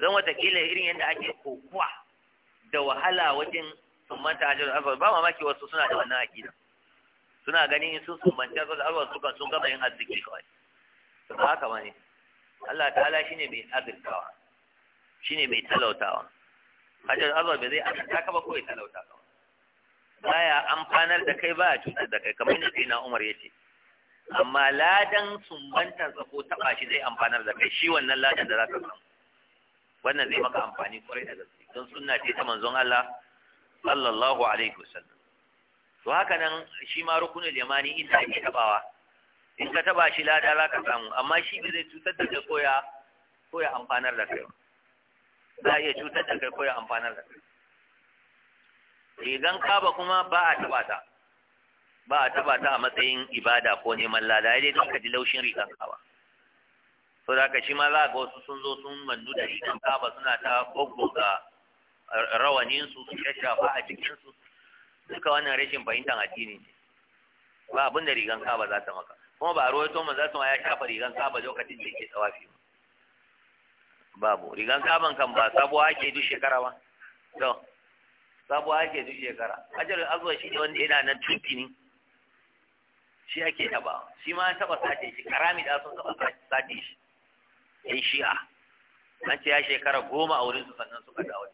don watakila irin yadda ake kokuwa da wahala wajen sumbanta ajiyar alfawar ba mamaki wasu suna da wannan aƙida suna ganin in sun sumbanta hajjar alfawar su kan sun gama yin arziki kawai ba haka ba ne Allah ta'ala shi ne mai azurtawa shine mai talautawa hajar azwar bai zai azanta ka ba ko ya talauta ka baya amfanar da kai ba a cutar da kai kamar yadda sai na Umar ce. amma ladan sumbantar tsako taba shi zai amfanar da kai shi wannan ladan da za ka samu wannan zai maka amfani kwarai da gaske don sunna ce ta manzon Allah sallallahu alaihi wasallam to haka nan shi ma rukunul yamani inda ake tabawa in ka taba shi lada za ka samu amma shi bai zai cutar da kai ko ya ko ya amfanar da kai ba za a iya cutar da kai ko ya amfanar da kai rigan kaba kuma ba a taba ta ba a taba ta a matsayin ibada ko neman lada ya dai ka ji laushin rigan kaba so da ka shi ma za ga wasu sun zo sun mandu da rigan kaba suna ta gogoga rawaninsu su shafa a jikinsu duka wannan rashin fahimtar addini ne ba abin da rigan kaba za ta maka kuma ba a ruwaito manzo sun ya shafa rigan kaba lokacin da yake tsawafi ba babu rigan kaban kan ba sabuwa ake duk shekara ba to sabuwa ake duk shekara ajalul azwa shi ne wanda yana nan ne shi ake taba shi ma an taba sace shi karami da sun taba sace shi yan shi'a an ce ya shekara goma a wurin su sannan suka dawo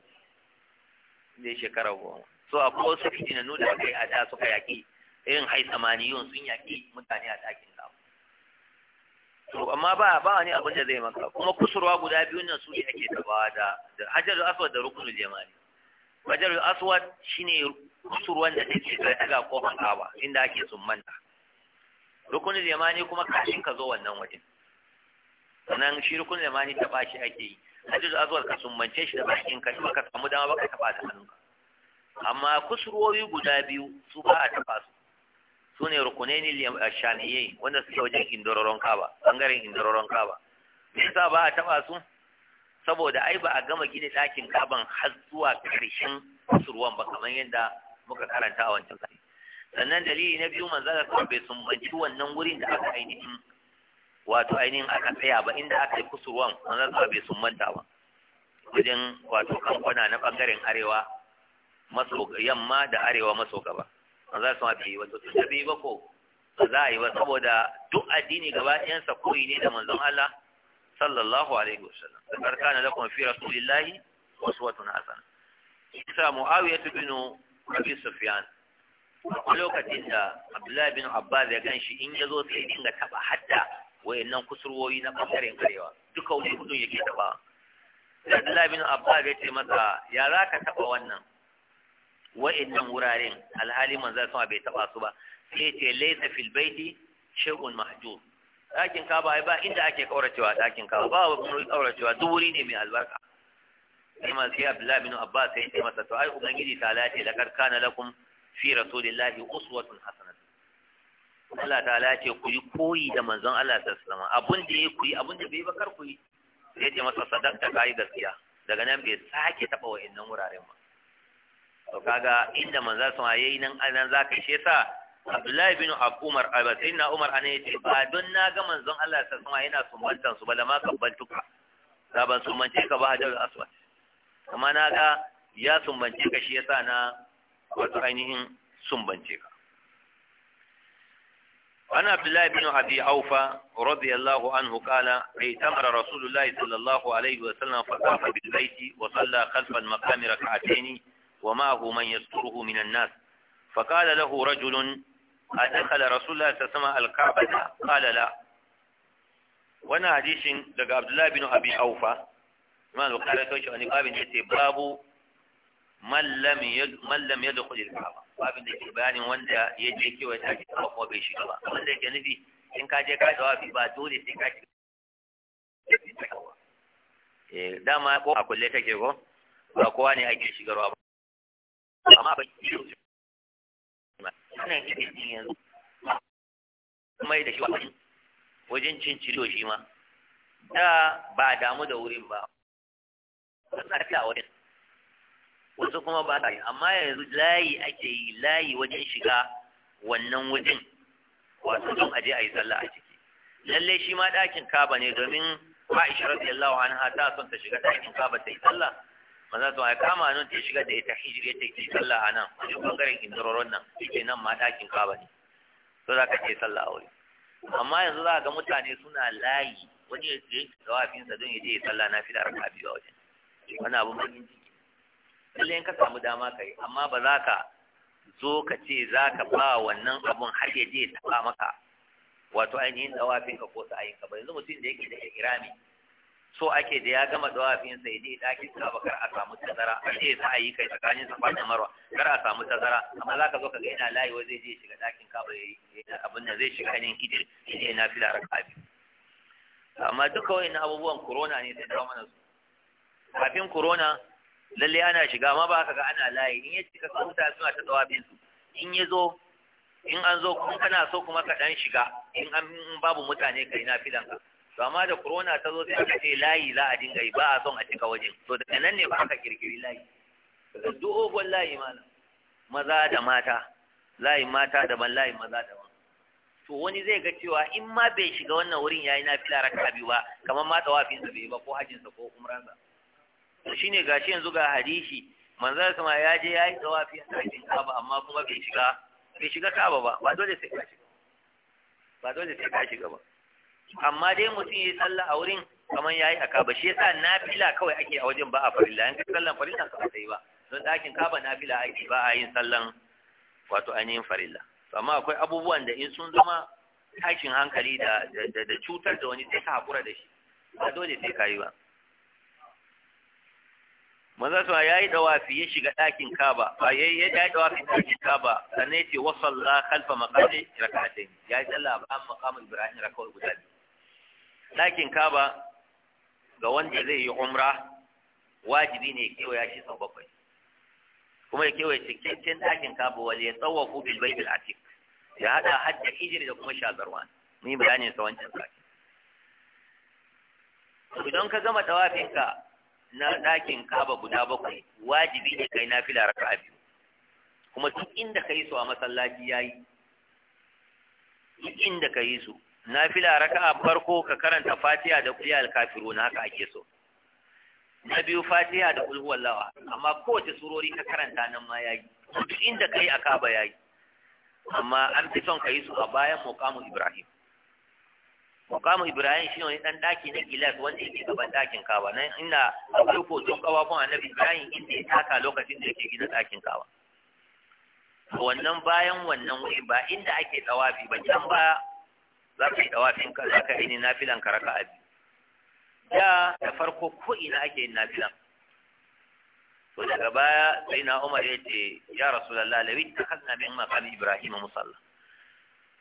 ne shekara goma so a ko su da nuna kai a da suka yaki irin hai samaniyun sun yaki mutane a ɗakin ka to amma ba ba wani abin da zai maka kuma kusurwa guda biyun nan su ne ake tabawa da hajar aswad da rukunul jama'i hajar aswad shine kusurwan da take da daga kofar kaba inda ake summanta rukunul jama'i kuma kashin ka zo wannan wajen sannan shi rukunul jama'i ta bashi ake yi hajar aswad ka summance shi da bakin ka kuma ka samu dama baka taba da hannunka amma kusurwoyi guda biyu su ba a tafasu. su su ne rukunai ne eh, shamiyai wanda suke wajen indororon kaba ɓangaren indororon kaba me yasa ba a taɓa su saboda ai ba a gama gina ɗakin kaban har zuwa ƙarshen kusurwan ba kamar yadda muka karanta a wancan kai sannan dalili na biyu manzo da kuma bai sumbanci wannan wurin da aka ainihin wato ainihin aka tsaya ba inda aka yi kusurwan manzo da bai sumbanta ba wajen wato kankwana na bangaren arewa maso yamma da arewa maso gaba za su bai yi ba to tun da bai ba ko ba za a yi ba saboda duk addini gaba ɗayansa koyi ne da manzon Allah sallallahu alaihi wasallam sakar kana lakum fi rasulillahi na asana isa muawiyah binu abi sufiyan a lokacin da abdullahi bin abbas ya ganshi in ya zo sai dinga taba hadda wayannan kusurwoyi na bangaren karewa duka wani hudun yake taba abdullahi bin abbas ya ce masa ya za ka taba wannan wa'annan wuraren alhali manzon sama bai taba su ba sai ce laysa fil baiti shay'un mahjur Dakin ka ba ba inda ake kauracewa dakin ka ba wani kauracewa duk wuri ne mai albarka sai ma sai Abdullah bin Abbas sai ya masa to ai ubangiji ta lati laqad kana lakum fi rasulillahi uswatun hasanatun Allah ta lati ku yi koyi da manzon Allah sallallahu alaihi wasallam abun da yake ku yi abun da bai ba kar ku yi sai ya masa sadaqta kai gaskiya daga nan bai sake taba wa'annan wuraren ba to kaga inda manzo sama yayi nan anan zaka shi sa, Abdullahi bin Umar Abasin na Umar anan yace ba don na ga manzon Allah sa sama yana sumbantan su ba da ma kabbaltuka da ban sumbance ka ba hajar aswad amma na ga ya sumbance ka shi yasa na wato ainihin sumbance ka عن عبد الله بن أبي أوفى رضي الله عنه قال اعتمر رسول الله صلى الله عليه وسلم فطاف بالبيت وصلى خلف المقام ركعتين ومعه من يستره من الناس فقال له رجل أدخل رسول الله صلى الله عليه وسلم الكعبة قال لا وانا حديث لقى عبد الله بن أبي أوفى ما قال كوش أن يقابل يتي باب من لم يد من لم يدخل الكعبة باب يتي بيان وندا يجي كي ويتاجي كوف وبيشي كبا وندا يجي نبي إن كاجي كاجي وافي با دولي سيكاجي dama ko a kulle take ko ba kowa ne ake shigarwa ba amma ba yanzu mai da shi wajen cin ciro shi ma da ba damu da wurin ba suna ta wajen wasu kuma ba ta yi amma yanzu layi ake yi layi wajen shiga wannan wajen wasu, don aje a yi sallah a ciki lalle shi ma ɗakin kaba ne domin ba ishirar da yallawa an hata son ta shiga ɗakin kaba ta yi sallah manzo to ai kama nan ta shiga da ita hijiri ta take sallah a nan a bangaren indaroron nan ke nan ma dakin kaba ne to za ka ce sallah a wuri amma yanzu za ga mutane suna layi wani ya yanke tsawafinsa don ya je ya sallah na fi da raka biyu a wajen wani abu mai ciki lalle in ka samu dama ka yi amma ba za ka zo ka ce za ka ba wannan abun har ya je ya maka wato ainihin dawafin ka ko sa'ayin ka ba yanzu mutum da yake da irami so ake da ya gama dawafin sai dai dakin Ka'aba kar a samu tazara a ce za a yi kai tsakanin Safa da Marwa kar a samu tazara amma zaka zo ka ga yana layi wa zai je shiga dakin ba yayi abin da zai shiga nan kidin shi na fila raka'a amma duka wayannan abubuwan corona ne da dawo mana su kafin corona lalle ana shiga amma ba ka ga ana layi in ya cika su ta suna ta dawafin su in ya zo in an zo kun kana so kuma ka dan shiga in an babu mutane kai na ka to amma da corona ta zo sai aka ce layi za a dinga yi ba a son a cika wajen to daga nan ne ba aka kirkiri layi dogon layi mana maza da mata layin mata daban layin maza daban to wani zai ga cewa in ma bai shiga wannan wurin yayi na fila raka biyu ba kamar ma tawafin sa bai ba ko hajjin sa ko umran sa to shine gashi yanzu ga hadisi manzon sama ya je yayi tawafi a cikin Kaaba amma kuma bai shiga bai shiga Kaaba ba ba dole sai ka shiga ba dole sai ka shiga ba amma dai mutum ya yi sallah a wurin kamar ya yi a kaba shi yasa nafila kawai ake a wajen ba a farilla in ka sallan farilla ka sai ba don ɗakin kaba nafila ake ba a yin sallan wato ainihin farilla amma akwai abubuwan da in sun zama tashin hankali da da cutar da wani sai ka haƙura da shi ba dole sai ka yi ba manzo sa yayi dawafi ya shiga ɗakin kaba ba yayi ya yayi dawafi ɗakin kaba sanai ce wa salla khalfa maqami rak'atayn yi sallah ba maqam ibrahim rak'a guda biyu ɗakin kaba ga wanda zai yi umra wajibi ne ya kewaya shi sau bakwai kuma ya kewaye cikakken ɗakin kaba wale ya tsawo ko bilbai bil atik ya haɗa hajjar hijiri da kuma shazarwa ni ne sa wancan ɗakin idan ka gama tawafinka na ɗakin kaba guda bakwai wajibi ne kai nafila raka'a biyu kuma duk inda ka yi su a masallaci ya yi, duk inda ka yi su nafila raka'a farko ka karanta fatiha da kulli al na haka ake so na biyu fatiha da kulhu wallawa amma kowace surori ka karanta nan ma yayi duk inda kai aka ba yayi amma an fi son ka yi su a bayan muqamu ibrahim muqamu ibrahim shine wani dan daki na gilas wanda yake gaban dakin kawa nan ina akwai hoton kawafin annabi ibrahim inda ya taka lokacin da yake gina dakin kawa wannan bayan wannan wuri ba inda ake tsawafi ba can ba za ka yi dawafin ka za ka yi nafilan ka raka a biyu. da da farko ko ina ake yin nafilan to daga baya sai na Umar ya ce ya Rasulullah lawi ta kanna min maqam Ibrahim musalla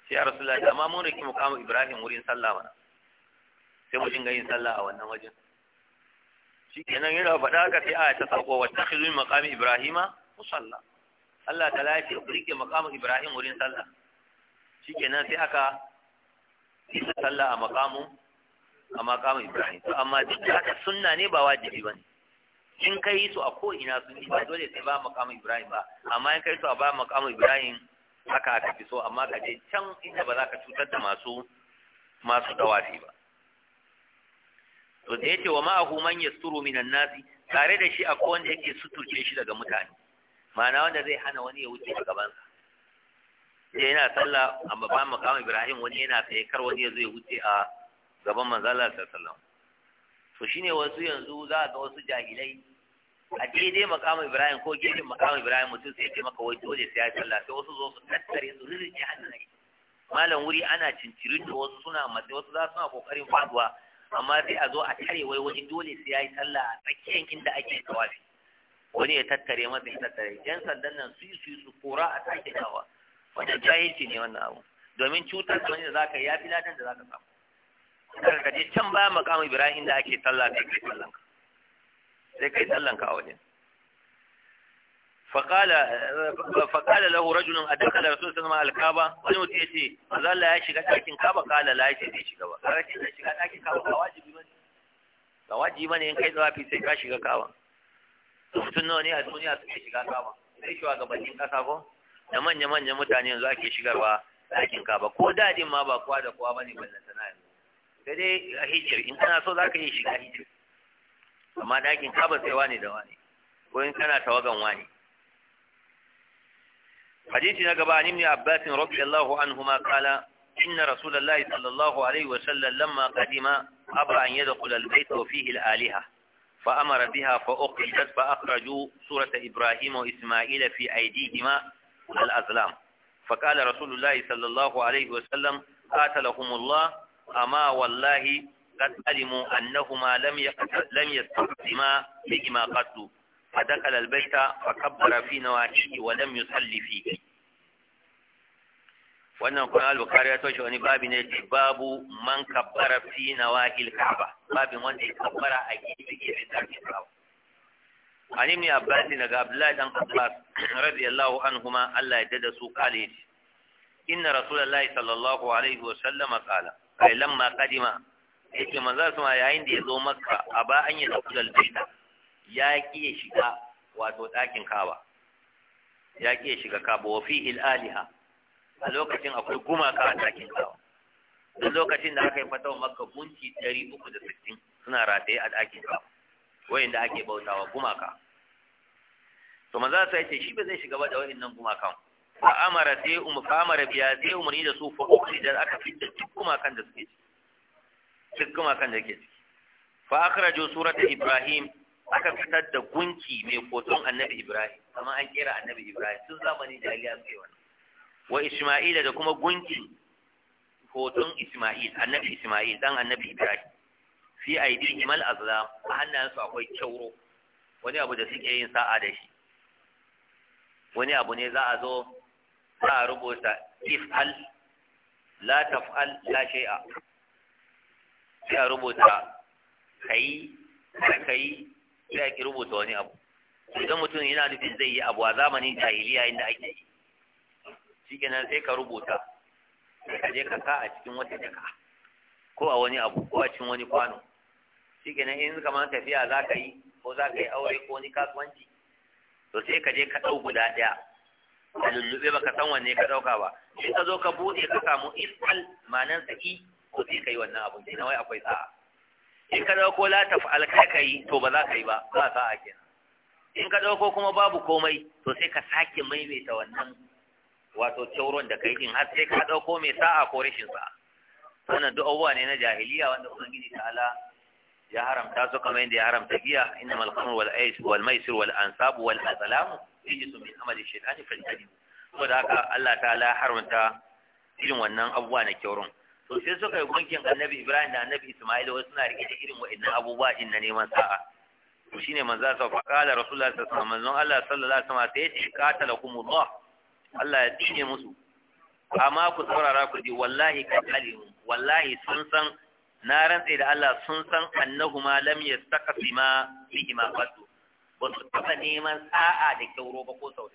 sai ya rasu da amma mun riki muqam Ibrahim wurin sallah mana sai mu dinga yin sallah a wannan wajen shi kenan yana faɗa haka sai aya ta sako wa takhizu maqam Ibrahim musalla Allah ta lafi rike maqam Ibrahim wurin sallah shikenan sai aka ita sallah a makamun a makamun ibrahim to amma duk da haka sunna ne ba wajibi bane in ka yi su a ko ina sun ba dole sai ba makamun ibrahim ba amma in ka yi su a ba makamun ibrahim haka aka fi so amma ka je can inda ba za ka cutar da masu masu dawafi ba to da yake wa ma'ahu man yasturu minan nasi tare da shi akwai wanda yake suturce shi daga mutane ma'ana wanda zai hana wani ya wuce a gabansa sai yana sallah amma ba makamin Ibrahim wani yana tsaye kar wani ya zo ya wuce a gaban manzala sallallahu to shine wasu yanzu za ga wasu jahilai a daidai makamin Ibrahim ko gefen makamin Ibrahim mutum sai ke maka wai dole sai ya sallah sai wasu zo su tattare su rirriƙe hannaye malam wuri ana cincirin da wasu suna matsayi wasu za su na kokarin faduwa amma sai a zo a tare wai wani dole sai ya yi sallah a tsakiyar inda ake tawafi wani ya tattare masa ya tattare yan sandan nan su yi su yi su kora a sake dawa wata jahilci ne wannan abu domin cutar da wani da ka yi ya fi ladan da za ka samu ka kaje can baya makamu ibrahim da ake sallah kai kai sallan ka sai kai sallan ka a wajen فقال فقال له a ادخل رسول rasul عليه alkaba wani mutum ya ce mazalla ya shiga ɗakin kaba kala la yace shiga ba kaga ce zai shiga ɗakin Kaaba ba wajibi ne. ba wajibi bane in kai tsawafi sai ka shiga Kaaba mutum nawa ne a duniya suke shiga Kaaba sai gabanin ƙasa ko da manya-manyan mutane yanzu ake shigarwa ɗakin ka ba, ko daɗin ma ba kowa da kowa bane ballan sana yanzu sai dai a hijir in kana so za ka iya shiga hijir amma ɗakin ka ba sai wane da wane. ko in kana tawagan wane. hadisi na gaba an ibn abbas radiyallahu anhuma qala inna rasulullahi sallallahu alaihi wa sallam lamma qadima abra an yadkhul al-bayt wa fihi al-aliha فأمر بها فأقلت فأخرجوا سورة إبراهيم وإسماعيل في أيديهما al-azlam fa qala rasulullahi sallallahu alaihi wa sallam qatalahumullah amma wallahi قد علموا أنهما لم لم يستقدما بهما قد فدخل البيت فكبر في نواحيه ولم يصلي فيه wannan kuma al-bukhari ya toshe wani babi ne ce babu man kabbara fi nawahil ka'aba babin wanda ya kabbara a gefe gefe da ka'aba an ibn abbas daga abdullahi dan abbas radiyallahu anhuma Allah ya dada su kale shi inna rasulullahi sallallahu alaihi wa sallama kala kai lamma qadima yake manzo su ma yayin da ya zo makka a ba an yi dakulal baita ya ki shiga wato dakin kaba ya ki shiga kaba wa fihi al-aliha a lokacin akwai gumaka a dakin kaba duk lokacin da aka yi fatawa makka gunki 360 suna rataye a dakin kaba wayanda ake bautawa gumaka to manzo sai ce shi ba zai shiga ba da wayannan gumakan fa amara sai um fa amara biya sai umarni da su fa da aka fitta duk gumakan da suke duk gumakan da suke fa akhraju surata ibrahim aka fitar da gunki mai hoton annabi ibrahim kamar an kera annabi ibrahim tun zamanin jahiliya sai wannan wa isma'ila da kuma gunki hoton isma'il annabi isma'il dan annabi ibrahim fi aidihim al-azlam a hannayensu akwai kyauro wani abu da suke yin sa'a da shi wani abu ne za a zo za a rubuta if'al la taf'al la shay'a sai a rubuta kai kai sai a ki rubuta wani abu idan mutum yana nufin zai yi abu a zamanin jahiliya inda ake yi shikenan sai ka rubuta ka je ka sa a cikin wata jaka ko a wani abu ko a cikin wani kwano shi kenan in kamar tafiya za ka yi ko za ka yi aure ko ni kasuwanci to sai ka je ka ɗau guda ɗaya ka lullube ba ka san wanne ka ɗauka ba In ka zo ka buɗe ka samu isal manan sa ko sai ka yi wannan abun kenan wai akwai sa'a in ka ɗauko la fa'al kai ka yi to ba za ka yi ba ba sa'a kenan in ka ɗauko kuma babu komai to sai ka sake maimaita wannan wato cauron da kai in har sai ka ɗauko mai sa'a ko rashin sa'a wannan duk abubuwa ne na jahiliya wanda ubangiji ta'ala ya haramta su kamar yadda ya haramta giya inna mal khamr wal ais wal maisir wal ansab wal azlam rijsu min amali shaytani fajtanibu saboda haka Allah ta'ala ya irin wannan abubuwa na kyaurun to sai suka yi gunkin annabi Ibrahim da annabi Isma'il wasu suna rike da irin wa'annan abubuwa din na neman sa'a to shine manzo sa fa qala rasulullahi sallallahu alaihi wasallam Allah sallallahu alaihi wasallam sai ya ce qatalakumullah Allah ya tsine musu amma ku saurara ku ji wallahi ka alimu wallahi sun san na rantse da Allah sun san annahuma lam yastaqsima bihi ma qadu ba su taba neman sa'a da kyauro ba ko sau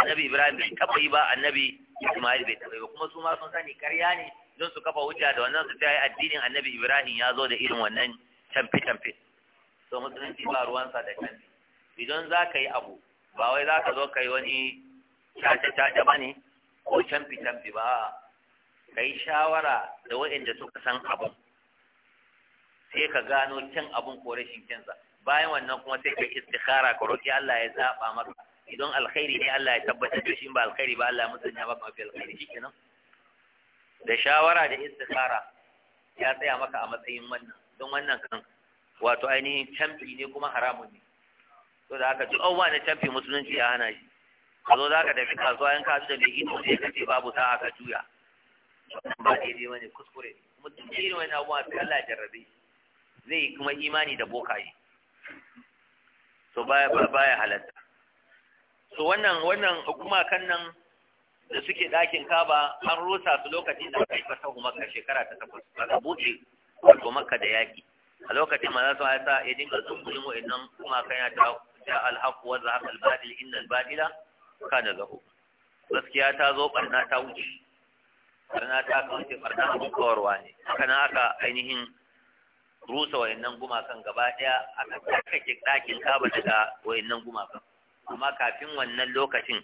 annabi Ibrahim bai taba yi ba annabi Ismail bai taba yi ba kuma su ma sun sani karya ne don su kafa hujja da wannan su tayi addinin annabi Ibrahim ya zo da irin wannan tamfe tamfe to musulunci ba ruwansa da tamfe idan za ka yi abu ba wai za ka zo ka yi wani cace-cace ba ne ko canfi-canfi ba ka yi shawara da waɗanda suka san abin sai ka gano kyan abun ko rashin kyansa bayan wannan kuma sai ka istikhara ka roki Allah ya zaba maka idan alkhairi ne Allah ya tabbatar da shi ba alkhairi ba Allah ya musanya maka mafi alkhairi shikenan da shawara da istikhara ya tsaya maka a matsayin wannan don wannan kan wato ainihin canfi ne kuma haramun ne to da haka duk abubuwa na canfi musulunci ya hana shi ka zo za ka tafi kasuwa in ka da mai ido sai ka ce babu sa'a ka juya ba daidai wani kuskure mutum irin wani abubuwa sai Allah ya jarrabe shi zai kuma imani da bokaye so baya baya halatta so wannan wannan kan nan da suke ɗakin kaba an rusa su lokacin da aka yi fasahu makka shekara ta takwas aka buɗe wato makka da yaƙi a lokacin ma za su haisa ya dinga zumbulin wa'annan kan ya ta ja alhaku wa zahaqa albadil inna albadila kana zaho. gaskiya ta zo ɓarna ta wuce ɓarna ta kawance a abubuwarwa ne haka na aka ainihin rusa wayannan gumakan gaba daya aka tsarkake ɗakin kaba daga wayannan gumakan amma kafin wannan lokacin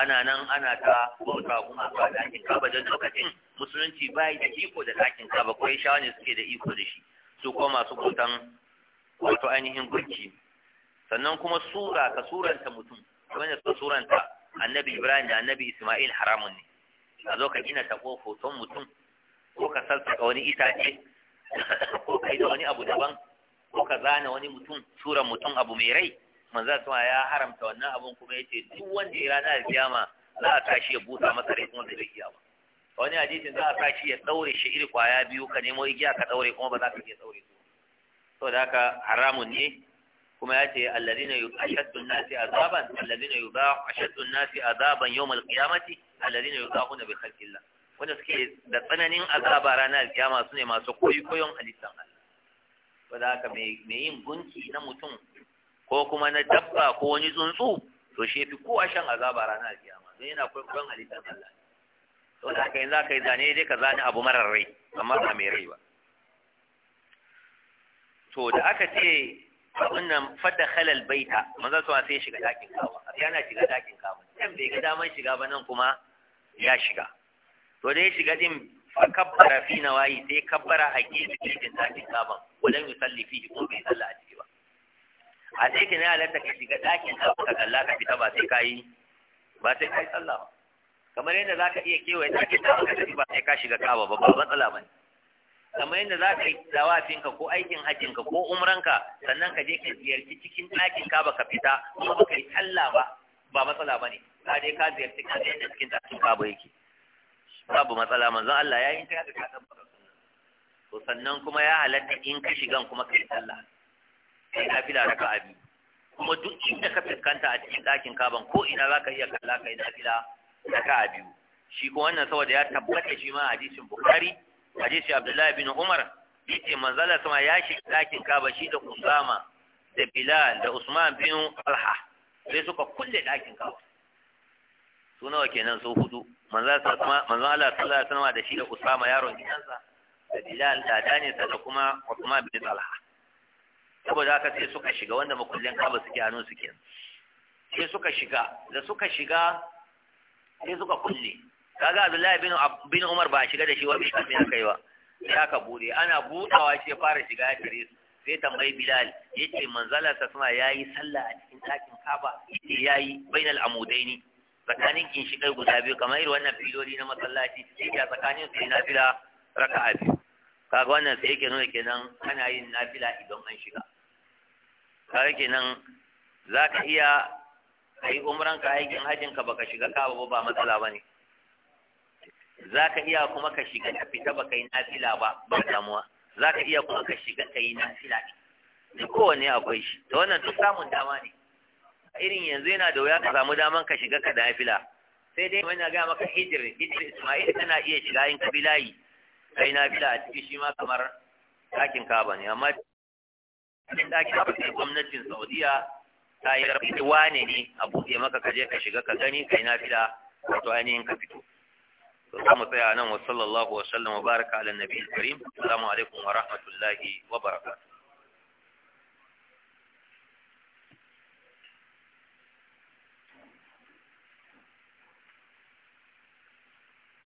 ana nan ana ta bauta gumaka ɗakin kaba don lokacin musulunci bai da iko da ɗakin kaba ko shawa ne suke da iko da shi su ko masu bautan wato ainihin gurki sannan kuma sura ka suranta mutum kamar da suranta annabi ibrahim da annabi isma'il haramun ne a zo ka gina ko hoton mutum ko ka sassaka wani itace kai da wani abu daban ko ka zana wani mutum suran mutum abu mai rai man manzo sama ya haramta wannan abun kuma ya ce duk wanda ya rana da kiyama za a tashi ya busa masa rai kuma zai iya ba wani hadisin za a tashi ya daure shi iri kwaya biyu ka nemo igiya ka daure kuma ba za ka iya daure su saboda haka haramun ne kuma ya ce alladina ashaddu an-nasi azaban alladina yudhaqu ashaddu an-nasi azaban yawm al alladina yudhaquna bi khalqillah wanda suke da tsananin azaba ranar kiyama sune masu koyi koyon halittan Allah ba za ka mai yin gunki na mutum ko kuma na dabba ko wani tsuntsu to shi fi kowa shan azaba ranar kiyama don yana kwan halittar Allah to da haka yanzu za ka yi zane dai ka zane abu marar rai amma ba mai rai ba to da aka ce wannan fada halal baita manzon sa sai shiga dakin a sai yana shiga dakin kawa dan bai ga daman shiga ba nan kuma ya shiga to dai shiga din kabbara fi nawayi sai kabbara a gefe gefen dakin kaban wajen yusalli fi ko bai sallah a ciki ba a sai ki na halatta ka shiga dakin ka ka kalla ka fita ba sai yi ba sai yi salla ba kamar yadda za ka iya kewaye dakin ka ka tafi ba sai ka shiga kaba ba ba matsala ba ne. kamar yadda za ka yi ka ko aikin ka ko ka sannan ka je ka ziyarci cikin ɗakin ka fita kuma ka yi talla ba ba matsala ba ne, ka dai ka ziyarci ka ziyarci cikin ɗakin ka ba yake babu matsala Zan Allah ya yi ta da kadan to sannan kuma ya halatta in ka shigan kuma kai sallah sai ka fila raka abi kuma duk inda ka fuskanta a cikin ɗakin kaban ko ina za ka iya kalla ka yi nafila raka biyu shi ko wannan saboda ya tabbata shi ma hadisin bukhari hadisi abdullahi bin umar yace manzala sama ya shiga ɗakin kaba shi da usama da bilal da usman bin alha sai suka kulle ɗakin kaba su nawa kenan su hudu manzon Allah sallallahu alaihi wasallam da shi da Usama yaron gidansa da Bilal da daninsa da kuma Uthman bin Talha saboda haka sai suka shiga wanda makullin Kaaba suke hannun su kenan sai suka shiga da suka shiga sai suka kulle kaga Abdullahi bin bin Umar ba shiga da shi wani kafin aka yi wa Ya aka bude ana budawa shi fara shiga ya tare su sai tambayi Bilal yace manzala ta suna yayi sallah a cikin ɗakin Kaaba yace yayi bainal amudaini tsakanin ginshiƙai guda biyu kamar irin wannan filoli na masallaci sai ya tsakanin su na fila raka a biyu kaga wannan sai yake nuna kenan ana yin nafila idan an shiga kaga kenan za ka iya ka yi umran ka aikin hajjin ka baka shiga ka ba ba matsala ba ne za ka iya kuma ka shiga ka fita ba ka yi nafila ba ba damuwa za ka iya kuma ka shiga ka yi nafila ne duk kowanne akwai shi to wannan duk samun dama ne irin yanzu yana da wuya ka samu daman ka shiga ka nafila sai dai wani ga maka hijir hijir isma'il tana iya shiga yin kabilayi kai nafila a cikin shi ma kamar ɗakin kaba ne amma cikin ɗakin kaba ne gwamnatin saudiya ta yi rafi wane ne a buɗe maka ka je ka shiga ka gani kai nafila wato ainihin ka fito to mu tsaya nan wa sallallahu wa sallam wa baraka ala nabiyil karim assalamu alaikum wa rahmatullahi wa barakatuh